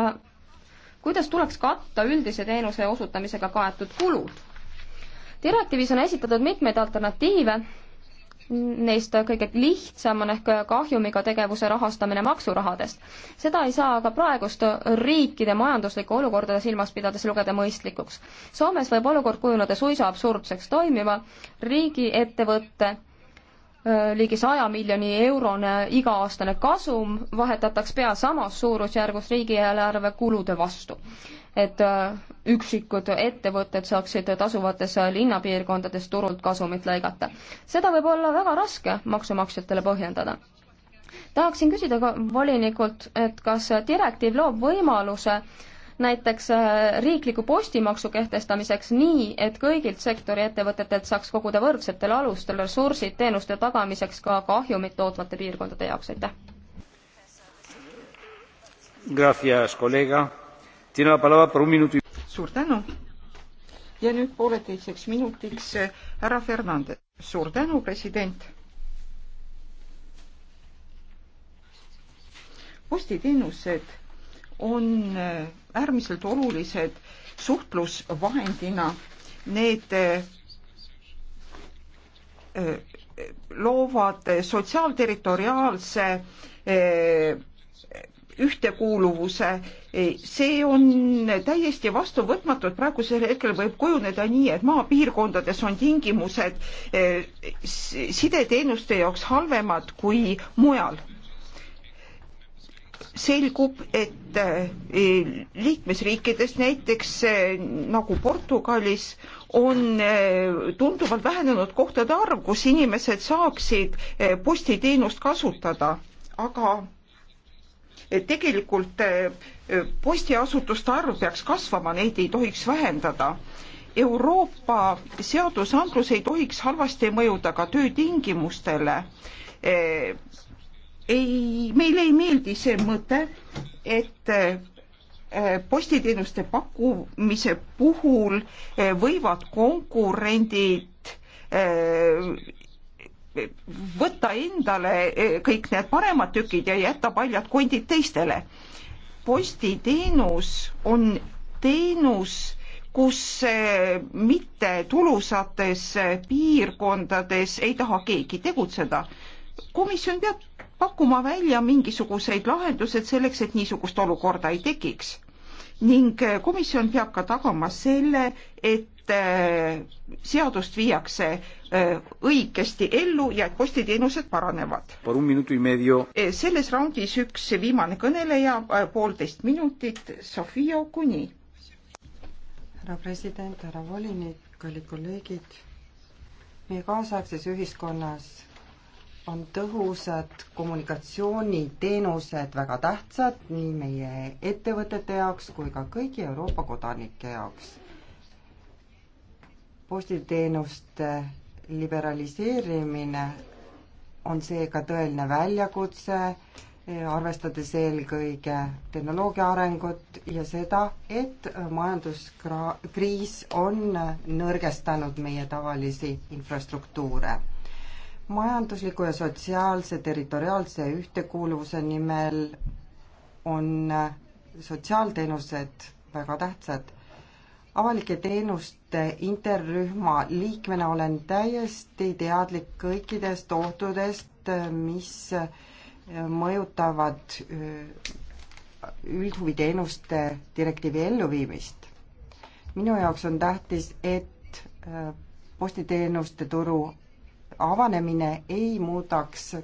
Speaker 1: kuidas tuleks katta üldise teenuse osutamisega kaetud kulud direktiivis on esitatud mitmeid alternatiive, neist kõige lihtsam on ehk kahjumiga tegevuse rahastamine maksurahadest. seda ei saa aga praegust riikide majanduslikku olukorda silmas pidades lugeda mõistlikuks. Soomes võib olukord kujuneda suisa absurdseks toimiva riigiettevõtte ligi saja miljoni eurone iga-aastane kasum vahetataks pea samas suurusjärgus riigieelarve kulude vastu. et äh, üksikud ettevõtted saaksid tasuvates linnapiirkondades turult kasumit lõigata. seda võib olla väga raske maksumaksjatele põhjendada. tahaksin küsida ka volinikult, et kas direktiiv loob võimaluse äh, näiteks äh, riikliku postimaksu kehtestamiseks nii, et kõigilt sektori ettevõtetelt saaks koguda võrdsetel alustel ressursid teenuste tagamiseks ka kahjumit tootvate piirkondade jaoks, aitäh.
Speaker 2: suur tänu ja nüüd pooleteiseks minutiks äh, härra Fernandes. suur tänu, president. postiteenused on äärmiselt olulised suhtlusvahendina. Need eh, loovad sotsiaalterritoriaalse eh, ühtekuuluvuse, see on täiesti vastuvõtmatu, et praegusel hetkel võib kujuneda nii, et maapiirkondades on tingimused eh, sideteenuste jaoks halvemad kui mujal selgub, et eh, liikmesriikides, näiteks eh, nagu Portugalis, on eh, tunduvalt vähenenud kohtade arv, kus inimesed saaksid postiteenust kasutada, aga tegelikult postiasutuste arv peaks kasvama, neid ei tohiks vähendada. Euroopa seadusandlus ei tohiks halvasti mõjuda ka töötingimustele ei, meile ei meeldi see mõte, et äh, postiteenuste pakkumise puhul äh, võivad konkurendid äh, võtta endale kõik need paremad tükid ja jätta paljad kondid teistele. postiteenus on teenus, kus mitte tulusates piirkondades ei taha keegi tegutseda. komisjon peab pakkuma välja mingisuguseid lahendused selleks, et niisugust olukorda ei tekiks. ning äh, komisjon peab ka tagama selle, et äh, seadust viiakse äh, õigesti ellu ja et postiteenused paranevad. selles raundis üks viimane kõneleja, poolteist minutit, Sofia Okuni. härra president, härra
Speaker 3: volinik, kallid kolleegid, meie kaasaegses ühiskonnas on tõhusad kommunikatsiooniteenused väga tähtsad nii meie ettevõtete jaoks kui ka kõigi Euroopa kodanike jaoks. postiteenuste liberaliseerimine on seega tõeline väljakutse, arvestades eelkõige tehnoloogia arengut ja seda, et majanduskriis on nõrgestanud meie tavalisi infrastruktuure majandusliku ja sotsiaalse territoriaalse ühtekuuluvuse nimel on äh, sotsiaalteenused väga tähtsad. avalike teenuste interrühma liikmena olen täiesti teadlik kõikidest ohtudest, äh, mis äh, mõjutavad üldhuviteenuste direktiivi elluviimist. minu jaoks on tähtis, et postiteenuste turu avanemine ei muudaks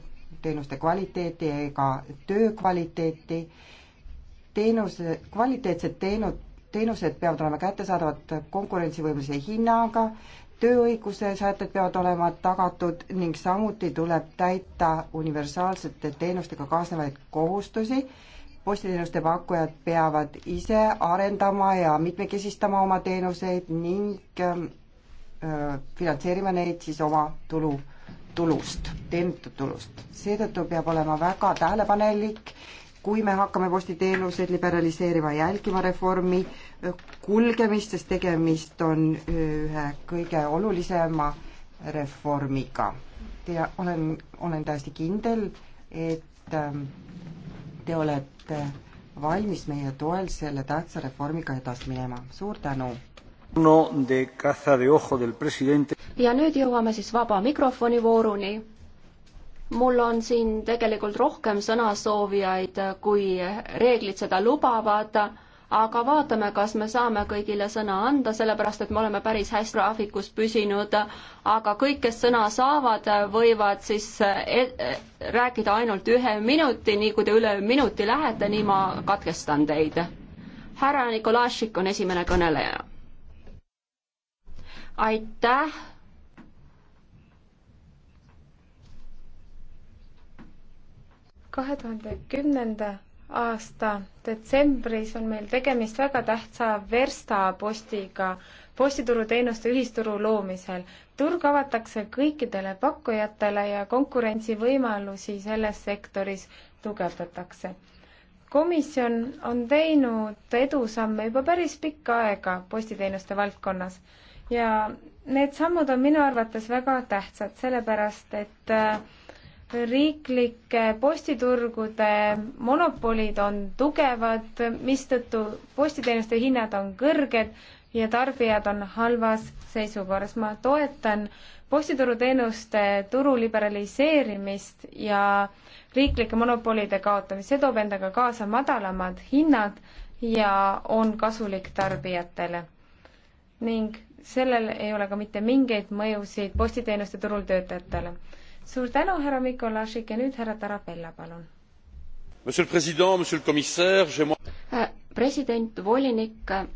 Speaker 3: teenuste kvaliteeti ega töö kvaliteeti. teenuse, kvaliteetsed teenud, teenused peavad olema kättesaadavad konkurentsivõimelise hinnaga, tööõiguse sätted peavad olema tagatud ning samuti tuleb täita universaalsete teenustega kaasnevaid kohustusi. postiteenuste pakkujad peavad ise arendama ja mitmekesistama oma teenuseid ning ähm, Äh, finantseerime neid siis oma tulu, tulust, teenitud tulust. seetõttu peab olema väga tähelepanelik, kui me hakkame postiteenuseid liberaliseerima, jälgima reformi äh, kulgemist, sest tegemist on äh, ühe kõige olulisema reformiga. ja olen, olen täiesti kindel, et ähm, te olete valmis meie toel selle tähtsa reformiga edasi minema. suur tänu!
Speaker 2: ja
Speaker 5: nüüd jõuame siis vaba mikrofoni vooruni. mul on siin tegelikult rohkem sõnasoovijaid, kui reeglid seda lubavad, aga vaatame, kas me saame kõigile sõna anda, sellepärast et me oleme päris hästi graafikus püsinud, aga kõik, kes sõna saavad, võivad siis eh, eh, rääkida ainult ühe minuti, nii kui te üle minuti lähete, nii ma katkestan teid. härra Nikolašik on esimene kõneleja aitäh.
Speaker 4: kahe tuhande kümnenda aasta detsembris on meil tegemist väga tähtsa verstapostiga postituruteenuste ühisturu loomisel. turg avatakse kõikidele pakkujatele ja konkurentsivõimalusi selles sektoris tugevdatakse. komisjon on teinud edusamme juba päris pikka aega postiteenuste valdkonnas ja need sammud on minu arvates väga tähtsad, sellepärast et äh, riiklike postiturgude monopolid on tugevad, mistõttu postiteenuste hinnad on kõrged ja tarbijad on halvas seisukorras. ma toetan postituruteenuste turu liberaliseerimist ja riiklike monopolide kaotamist. see toob endaga kaasa madalamad hinnad ja on kasulik tarbijatele. ning sellel ei ole ka mitte mingeid mõjusid postiteenuste turul töötajatele. suur tänu, härra Mikolašik ja nüüd härra Tarabella, palun.
Speaker 5: Äh, president, volinik, äh,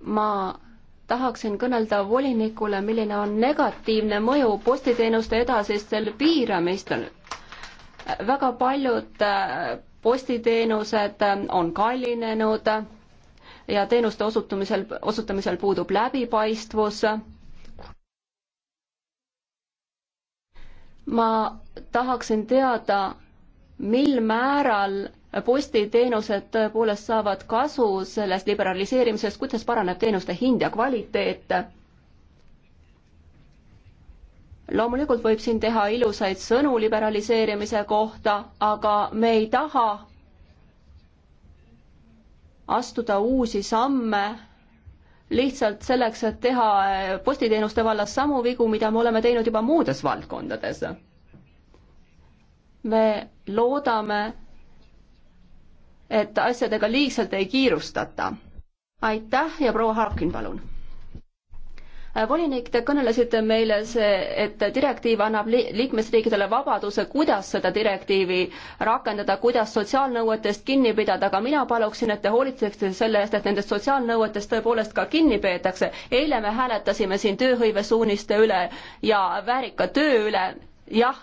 Speaker 5: ma tahaksin kõnelda volinikule, milline on negatiivne mõju postiteenuste edasistel piiramistel. Äh, väga paljud postiteenused on kallinenud ja teenuste osutumisel, osutamisel puudub läbipaistvus. ma tahaksin teada, mil määral postiteenused tõepoolest saavad kasu sellest liberaliseerimisest, kuidas paraneb teenuste hind ja kvaliteet? loomulikult võib siin teha ilusaid sõnu liberaliseerimise kohta, aga me ei taha astuda uusi samme lihtsalt selleks, et teha postiteenuste vallas samu vigu, mida me oleme teinud juba muudes valdkondades. me loodame, et asjadega liigselt ei kiirustata. aitäh ja proua Harkin, palun Äh, volinik, te kõnelesite meile see, et direktiiv annab li liikmesriikidele vabaduse, kuidas seda direktiivi rakendada, kuidas sotsiaalnõuetest kinni pidada, aga mina paluksin, et te hoolitseksite selle eest, et nendest sotsiaalnõuetest tõepoolest ka kinni peetakse. eile me hääletasime siin tööhõivesuuniste üle ja väärika töö üle jah,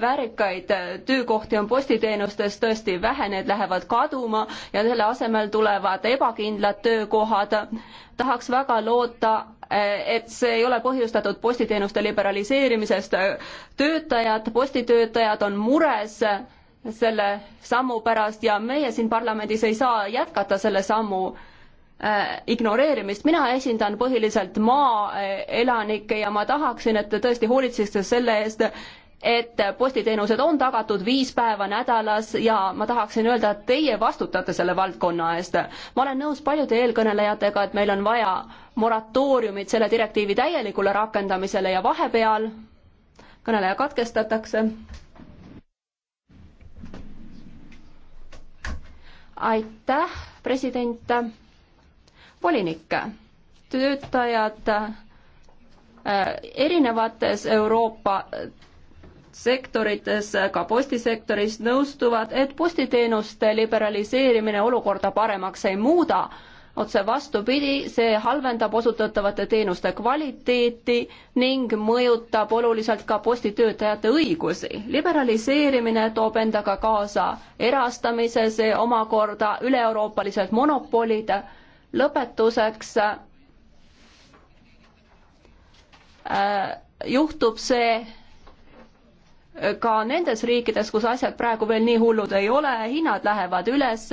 Speaker 5: väärikaid äh, töökohti on postiteenustes tõesti vähe, need lähevad kaduma ja selle asemel tulevad ebakindlad töökohad. tahaks väga loota, et see ei ole põhjustatud postiteenuste liberaliseerimisest. töötajad, postitöötajad on mures selle sammu pärast ja meie siin parlamendis ei saa jätkata selle sammu äh, ignoreerimist, mina esindan põhiliselt maaelanikke äh, ja ma tahaksin, et te tõesti hoolitseksite selle eest, et postiteenused on tagatud viis päeva nädalas ja ma tahaksin öelda, et teie vastutate selle valdkonna eest. ma olen nõus paljude eelkõnelejatega, et meil on vaja moratooriumit selle direktiivi täielikule rakendamisele ja vahepeal kõneleja katkestatakse. aitäh, president, volinik, töötajad äh, erinevates Euroopa sektorites, ka postisektoris nõustuvad, et postiteenuste liberaliseerimine olukorda paremaks ei muuda otse vastupidi, see halvendab osutatavate teenuste kvaliteeti ning mõjutab oluliselt ka postitöötajate õigusi. liberaliseerimine toob endaga kaasa erastamise, see omakorda üle-euroopalised monopolid. lõpetuseks äh, juhtub see ka nendes riikides, kus asjad praegu veel nii hullud ei ole, hinnad lähevad üles,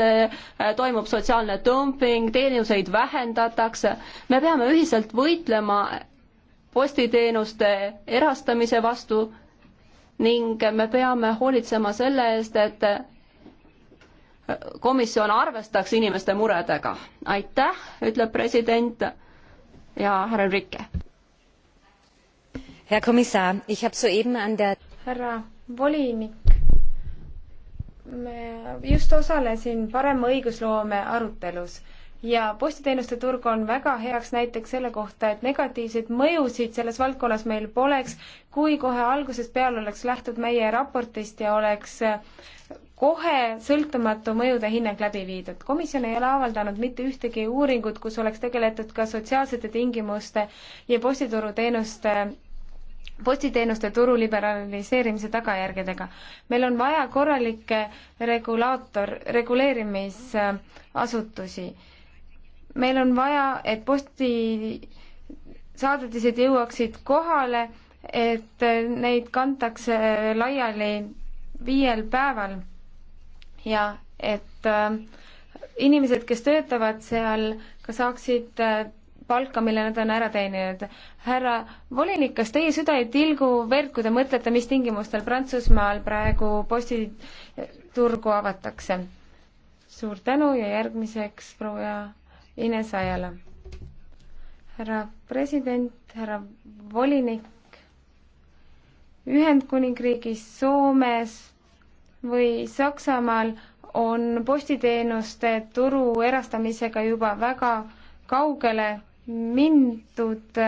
Speaker 5: toimub sotsiaalne dumping, teenuseid vähendatakse, me peame ühiselt võitlema postiteenuste erastamise vastu ning me peame hoolitsema selle eest, et komisjon arvestaks inimeste muredega. aitäh, ütleb president ja härra Rikke. Herr Kommissar, ich habe soeben an der
Speaker 4: härra volinik, me just osalesin parema õigusloome arutelus ja postiteenuste turg on väga heaks näiteks selle kohta, et negatiivseid mõjusid selles valdkonnas meil poleks, kui kohe algusest peale oleks lähtud meie raportist ja oleks kohe sõltumatu mõjude hinnang läbi viidud. komisjon ei ole avaldanud mitte ühtegi uuringut, kus oleks tegeletud ka sotsiaalsete tingimuste ja postituruteenuste postiteenuste turu liberaliseerimise tagajärgedega. meil on vaja korralikke regulaator, reguleerimisasutusi. meil on vaja, et postisaadetised jõuaksid kohale, et neid kantakse laiali viiel päeval ja et äh, inimesed, kes töötavad seal, ka saaksid äh, palka, mille nad on ära teeninud. härra volinik, kas teie süda ei tilgu verd, kui te mõtlete, mis tingimustel Prantsusmaal praegu postiturgu avatakse? suur tänu ja järgmiseks proua Ines Ajala. härra president, härra volinik, Ühendkuningriigis, Soomes või Saksamaal on postiteenuste turu erastamisega juba väga kaugele mindud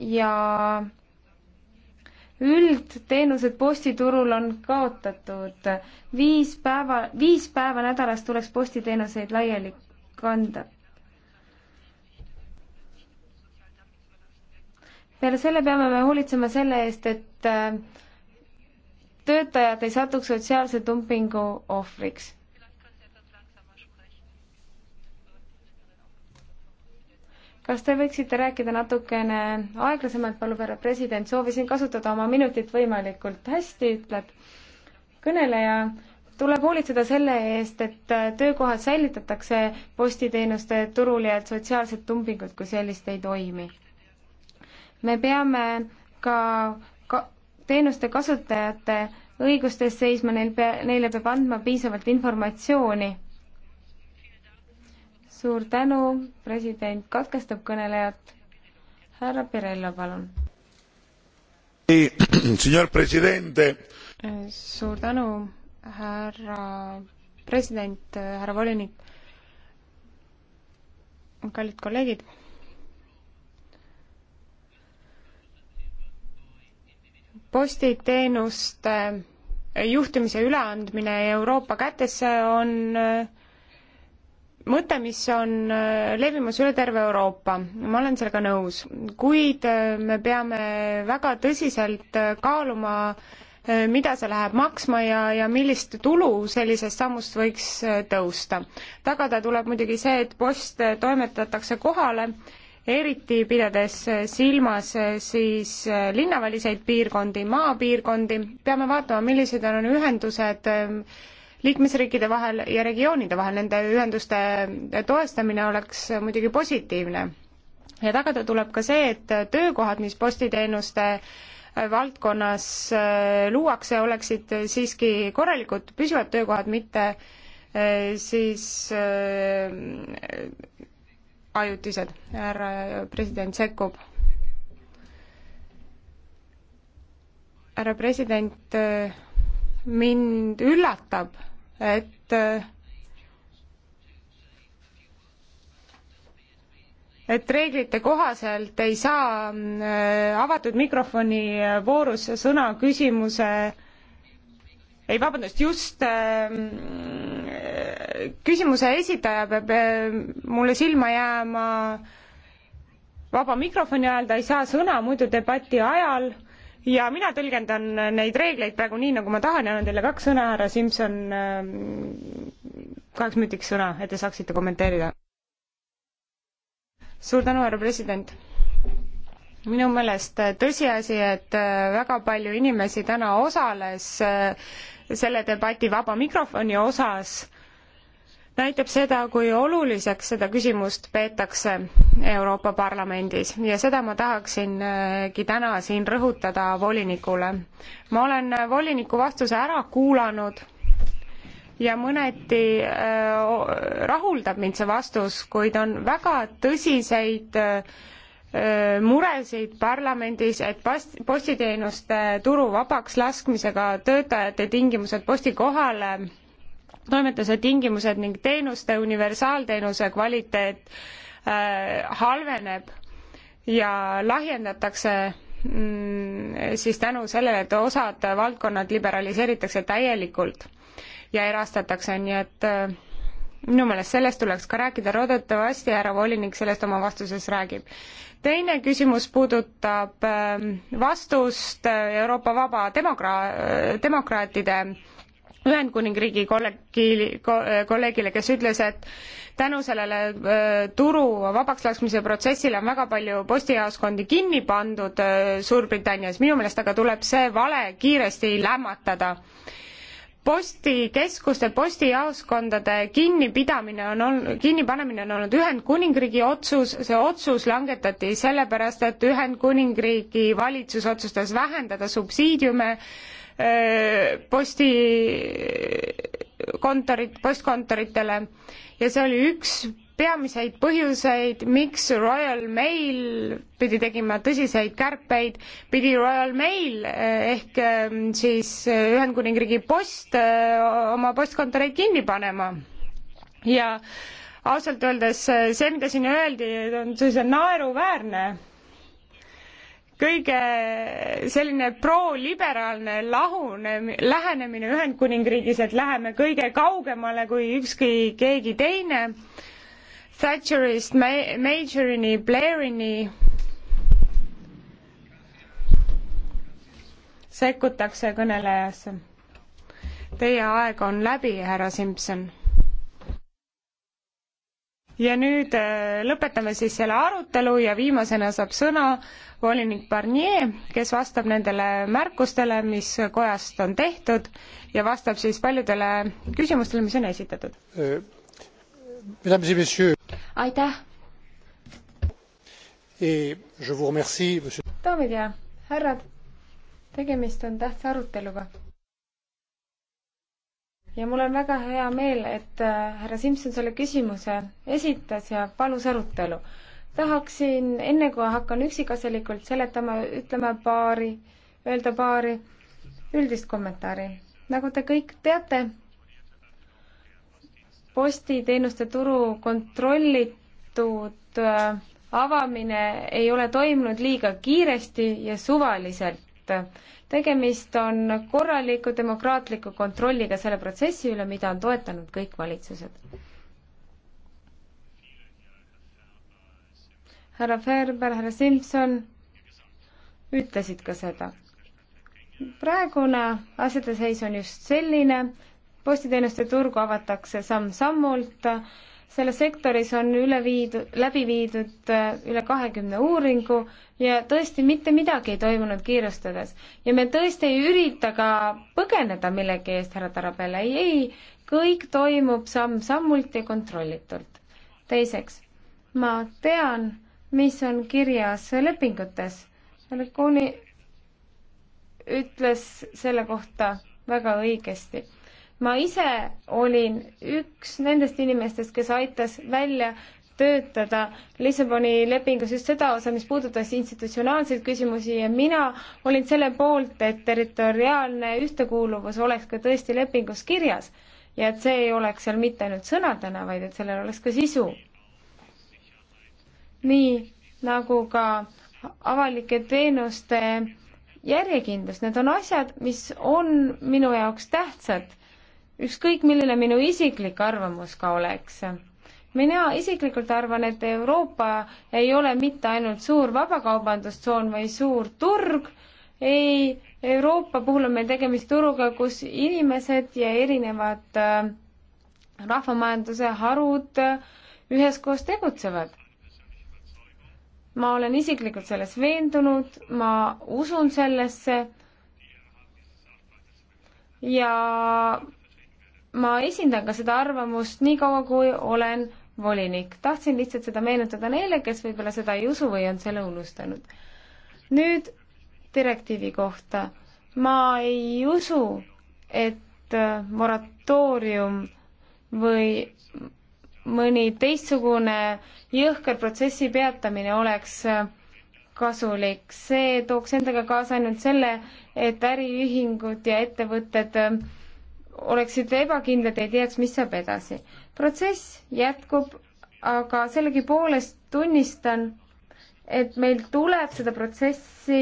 Speaker 4: ja üldteenused postiturul on kaotatud. viis päeva, viis päeva nädalas tuleks postiteenuseid laiali kanda. peale selle peame me hoolitsema selle eest, et töötajad ei satuks sotsiaalse dumpingu ohvriks kas te võiksite rääkida natukene aeglasemalt, palub härra president, soovisin kasutada oma minutit võimalikult hästi, ütleb kõneleja. tuleb hoolitseda selle eest, et töökohad säilitatakse postiteenuste turul ja et sotsiaalset tumbingut kui sellist ei toimi. me peame ka, ka teenuste kasutajate õigustes seisma, neil pea, neile peab andma piisavalt informatsiooni suur tänu, president katkestab kõnelejat. härra Pirello, palun. suur tänu, härra president, härra volinik, kallid kolleegid postiteenuste juhtimise üleandmine Euroopa kätesse on mõte, mis on äh, levimas üle terve Euroopa, ma olen sellega nõus, kuid äh, me peame väga tõsiselt äh, kaaluma, mida see läheb maksma ja, ja millist tulu sellisest sammust võiks tõusta. tagada tuleb muidugi see, et post toimetatakse kohale, eriti pidades silmas siis linnaväliseid piirkondi, maapiirkondi, peame vaatama, millised on ühendused ähm, liikmesriikide vahel ja regioonide vahel, nende ühenduste toestamine oleks muidugi positiivne. ja tagada tuleb ka see, et töökohad, mis postiteenuste valdkonnas äh, luuakse, oleksid siiski korralikud püsivad töökohad, mitte äh, siis äh, ajutised, härra president sekkub. härra president, mind üllatab et et reeglite kohaselt ei saa äh, avatud mikrofoni voorus sõna küsimuse ei vabandust, just ähm, küsimuse esitaja peab äh, mulle silma jääma vaba mikrofoni ajal, ta ei saa sõna muidu debati ajal ja mina tõlgendan neid reegleid praegu nii, nagu ma tahan ja annan teile kaks sõna, härra Simson, kaheks minutiks sõna, et te saaksite kommenteerida. suur tänu, härra president minu meelest tõsiasi, et väga palju inimesi täna osales selle debati vaba mikrofoni osas näitab seda, kui oluliseks seda küsimust peetakse Euroopa Parlamendis ja seda ma tahaksingi täna siin rõhutada volinikule. ma olen voliniku vastuse ära kuulanud ja mõneti äh, rahuldab mind see vastus, kuid on väga tõsiseid äh, muresid parlamendis, et past-, postiteenuste turu vabaks laskmisega töötajate tingimused posti kohale toimetuse tingimused ning teenuste, universaalteenuse kvaliteet äh, halveneb ja lahjendatakse mm, siis tänu sellele, et osad valdkonnad liberaliseeritakse täielikult ja erastatakse, nii et äh, minu meelest sellest tuleks ka rääkida, loodetavasti härra volinik sellest oma vastuses räägib. teine küsimus puudutab äh, vastust äh, Euroopa Vaba Demokraa-, demokraatide Ühendkuningriigi kollegiili, kolleegile, kes ütles, et tänu sellele äh, turu vabaks laskmise protsessile on väga palju postijaoskondi kinni pandud äh, Suurbritannias, minu meelest aga tuleb see vale kiiresti lämmatada postikeskuste, postijaoskondade kinnipidamine on olnud, kinnipanemine on olnud Ühendkuningriigi otsus, see otsus langetati sellepärast, et Ühendkuningriigi valitsus otsustas vähendada subsiidiume äh, posti kontorit, postkontoritele ja see oli üks peamiseid põhjuseid, miks Royal Mail pidi tegema tõsiseid kärpeid, pidi Royal Mail eh, ehk eh, siis Ühendkuningriigi post eh, oma postkontoreid kinni panema. ja ausalt öeldes see, mida siin öeldi, on see naeruväärne kõige selline proliberaalne lahune, lähenemine Ühendkuningriigis, et läheme kõige kaugemale kui ükski keegi teine, Thatcherist Ma-, Majorini, Blairini sekkutakse kõnelejasse. Teie aeg on läbi, härra Simson ja nüüd äh, lõpetame siis selle arutelu ja viimasena saab sõna volinik Barnier, kes vastab nendele märkustele, mis kojast on tehtud ja vastab siis paljudele küsimustele, mis on esitatud. aitäh. daamid ja härrad, tegemist on tähtsa aruteluga. ja mul on väga hea meel, et äh, härra Simson selle küsimuse esitas ja palus arutelu tahaksin, enne kui hakkan üksikasjalikult seletama, ütlema paari, öelda paari üldist kommentaari. nagu te kõik teate, postiteenuste turu kontrollitud äh, avamine ei ole toimunud liiga kiiresti ja suvaliselt. tegemist on korraliku demokraatliku kontrolliga selle protsessi üle, mida on toetanud kõik valitsused härra Ferber, härra Simson ütlesid ka seda. praegune asjade seis on just selline, postiteenuste turgu avatakse samm-sammult, selles sektoris on üle viidud, läbi viidud äh, üle kahekümne uuringu ja tõesti mitte midagi ei toimunud kiirustades. ja me tõesti ei ürita ka põgeneda millegi eest, härra Tarabella, ei, ei, kõik toimub samm-sammult ja kontrollitult. teiseks, ma tean, mis on kirjas lepingutes. härra Kooni ütles selle kohta väga õigesti ma ise olin üks nendest inimestest, kes aitas välja töötada Lissaboni lepingus just seda osa, mis puudutas institutsionaalseid küsimusi ja mina olin selle poolt, et territoriaalne ühtekuuluvus oleks ka tõesti lepingus kirjas ja et see ei oleks seal mitte ainult sõnadena, vaid et sellel oleks ka sisu nii nagu ka avalike teenuste järjekindlus, need on asjad, mis on minu jaoks tähtsad, ükskõik milline minu isiklik arvamus ka oleks. mina isiklikult arvan, et Euroopa ei ole mitte ainult suur vabakaubandustsoon või suur turg, ei, Euroopa puhul on meil tegemist turuga, kus inimesed ja erinevad äh, rahvamajanduse harud äh, üheskoos tegutsevad ma olen isiklikult selles veendunud, ma usun sellesse ja ma esindan ka seda arvamust nii kaua, kui olen volinik. tahtsin lihtsalt seda meenutada neile, kes võib-olla seda ei usu või on selle unustanud. nüüd direktiivi kohta. ma ei usu, et moratoorium või mõni teistsugune jõhker protsessi peatamine oleks äh, kasulik. see tooks endaga kaasa ainult selle, et äriühingud ja ettevõtted äh, oleksid ebakindlad, ei teaks, mis saab edasi. protsess jätkub, aga sellegipoolest tunnistan, et meil tuleb seda protsessi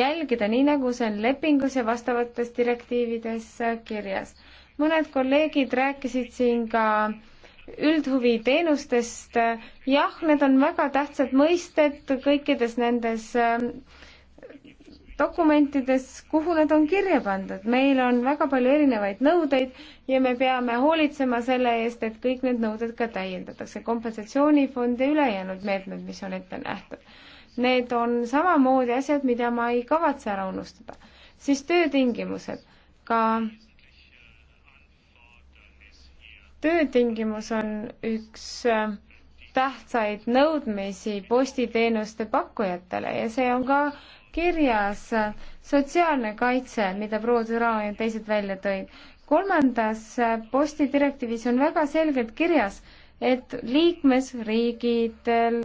Speaker 4: jälgida nii, nagu see on lepingus ja vastavates direktiivides äh, kirjas mõned kolleegid rääkisid siin ka üldhuviteenustest. jah, need on väga tähtsad mõisted kõikides nendes ähm, dokumentides, kuhu need on kirja pandud. meil on väga palju erinevaid nõudeid ja me peame hoolitsema selle eest, et kõik need nõuded ka täiendatakse. kompensatsioonifond ja ülejäänud meetmed, mis on ette nähtud. Need on samamoodi asjad, mida ma ei kavatse ära unustada. siis töötingimused. ka töötingimus on üks äh, tähtsaid nõudmisi postiteenuste pakkujatele ja see on ka kirjas äh, sotsiaalne kaitse, mida proua Düra ja teised välja tõid. kolmandas äh, postidirektiivis on väga selgelt kirjas, et liikmesriigidel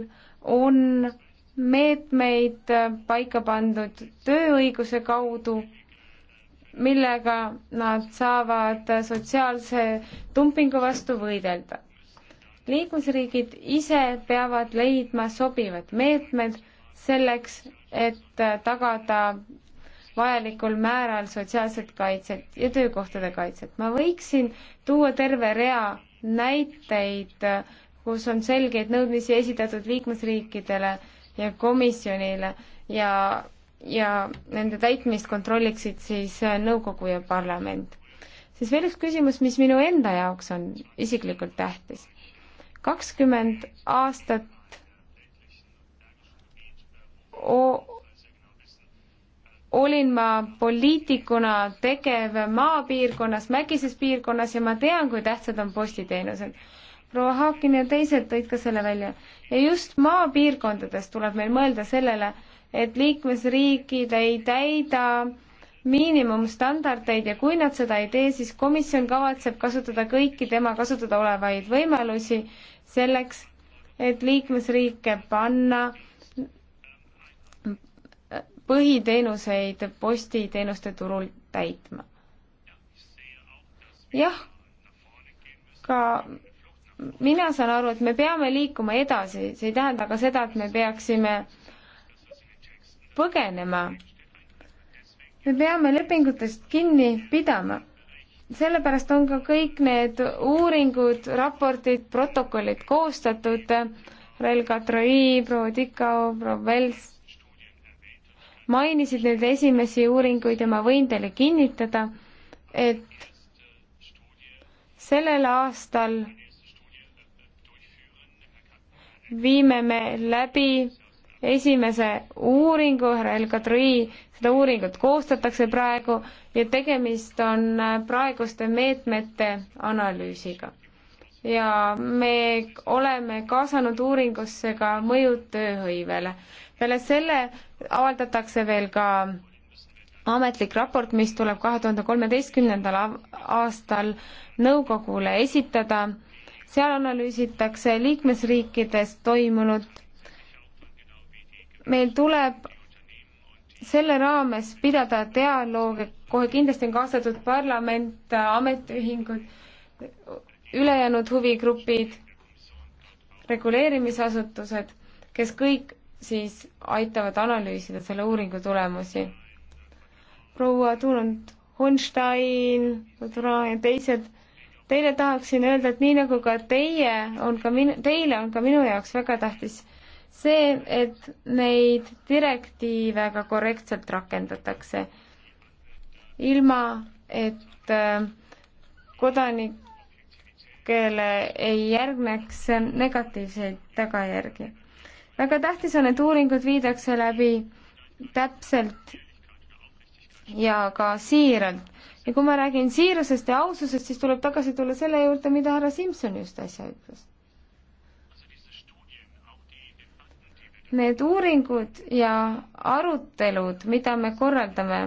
Speaker 4: on meetmeid paika pandud tööõiguse kaudu millega nad saavad sotsiaalse dumpingu vastu võidelda. liikmesriigid ise peavad leidma sobivad meetmed selleks, et tagada vajalikul määral sotsiaalset kaitset ja töökohtade kaitset. ma võiksin tuua terve rea näiteid, kus on selgeid nõudmisi esitatud liikmesriikidele ja komisjonile ja ja nende täitmist kontrolliksid siis äh, nõukogu ja parlament. siis veel üks küsimus, mis minu enda jaoks on isiklikult tähtis. kakskümmend aastat olin ma poliitikuna tegev maapiirkonnas, mägises piirkonnas ja ma tean, kui tähtsad on postiteenused. proua Haakin ja teised tõid ka selle välja. ja just maapiirkondades tuleb meil mõelda sellele, et liikmesriigid ei täida miinimumstandardeid ja kui nad seda ei tee, siis komisjon kavatseb kasutada kõiki tema kasutada olevaid võimalusi selleks, et liikmesriike panna põhiteenuseid postiteenuste turul täitma. jah, ka mina saan aru, et me peame liikuma edasi, see ei tähenda aga seda, et me peaksime põgenema. me peame lepingutest kinni pidama. sellepärast on ka kõik need uuringud, raportid, protokollid koostatud. Rail Katroi, proua Tikao, proua Vels mainisid neid esimesi uuringuid ja ma võin teile kinnitada, et sellel aastal viime me läbi esimese uuringu, härra El Kadri, seda uuringut koostatakse praegu ja tegemist on äh, praeguste meetmete analüüsiga. ja me oleme kaasanud uuringusse ka mõjud tööhõivele. peale selle avaldatakse veel ka ametlik raport, mis tuleb kahe tuhande kolmeteistkümnendal aastal nõukogule esitada seal analüüsitakse liikmesriikides toimunud meil tuleb selle raames pidada dialoog, kohe kindlasti on kaasatud parlament, ametiühingud, ülejäänud huvigrupid, reguleerimisasutused, kes kõik siis aitavad analüüsida selle uuringu tulemusi. proua Tuulund Hunstein, ja teised, teile tahaksin öelda, et nii nagu ka teie, on ka minu, teile on ka minu jaoks väga tähtis see, et neid direktiive ka korrektselt rakendatakse, ilma et äh, kodanikele ei järgneks negatiivseid tagajärgi. väga tähtis on, et uuringud viidakse läbi täpselt ja ka siiralt. ja kui ma räägin siirusest ja aususest, siis tuleb tagasi tulla selle juurde, mida härra Simson just äsja ütles Need uuringud ja arutelud, mida me korraldame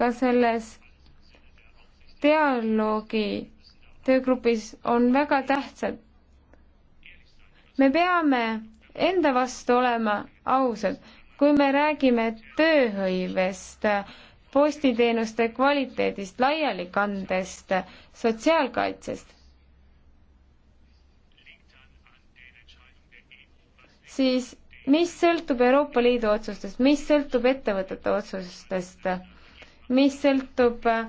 Speaker 4: ka selles dialoogi töögrupis, on väga tähtsad. me peame enda vastu olema ausad, kui me räägime tööhõivest, postiteenuste kvaliteedist, laialikandest, sotsiaalkaitsest siis mis sõltub Euroopa Liidu otsustest, mis sõltub ettevõtete otsustest, mis sõltub äh,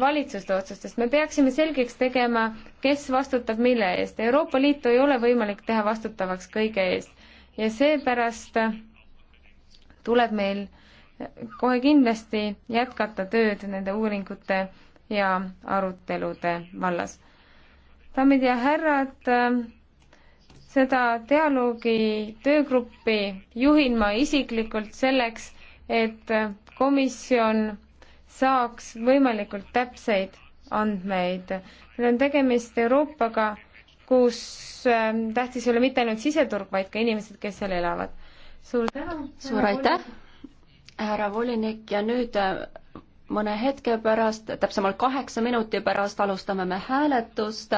Speaker 4: valitsuste otsustest, me peaksime selgeks tegema, kes vastutab mille eest. Euroopa Liitu ei ole võimalik teha vastutavaks kõige eest ja seepärast äh, tuleb meil äh, kohe kindlasti jätkata tööd nende uuringute ja arutelude vallas. daamid ja härrad, seda dialoogi töögruppi juhin ma isiklikult selleks, et komisjon saaks võimalikult täpseid andmeid. meil on tegemist Euroopaga, kus ähm, tähtis ei ole mitte ainult siseturg, vaid ka inimesed, kes seal
Speaker 5: elavad. suur tänu! suur aitäh, härra volinik ja nüüd äh, mõne hetke pärast, täpsemalt kaheksa minuti pärast alustame me hääletust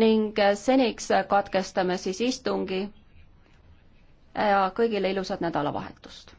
Speaker 5: ning seniks katkestame siis istungi ja kõigile ilusat nädalavahetust!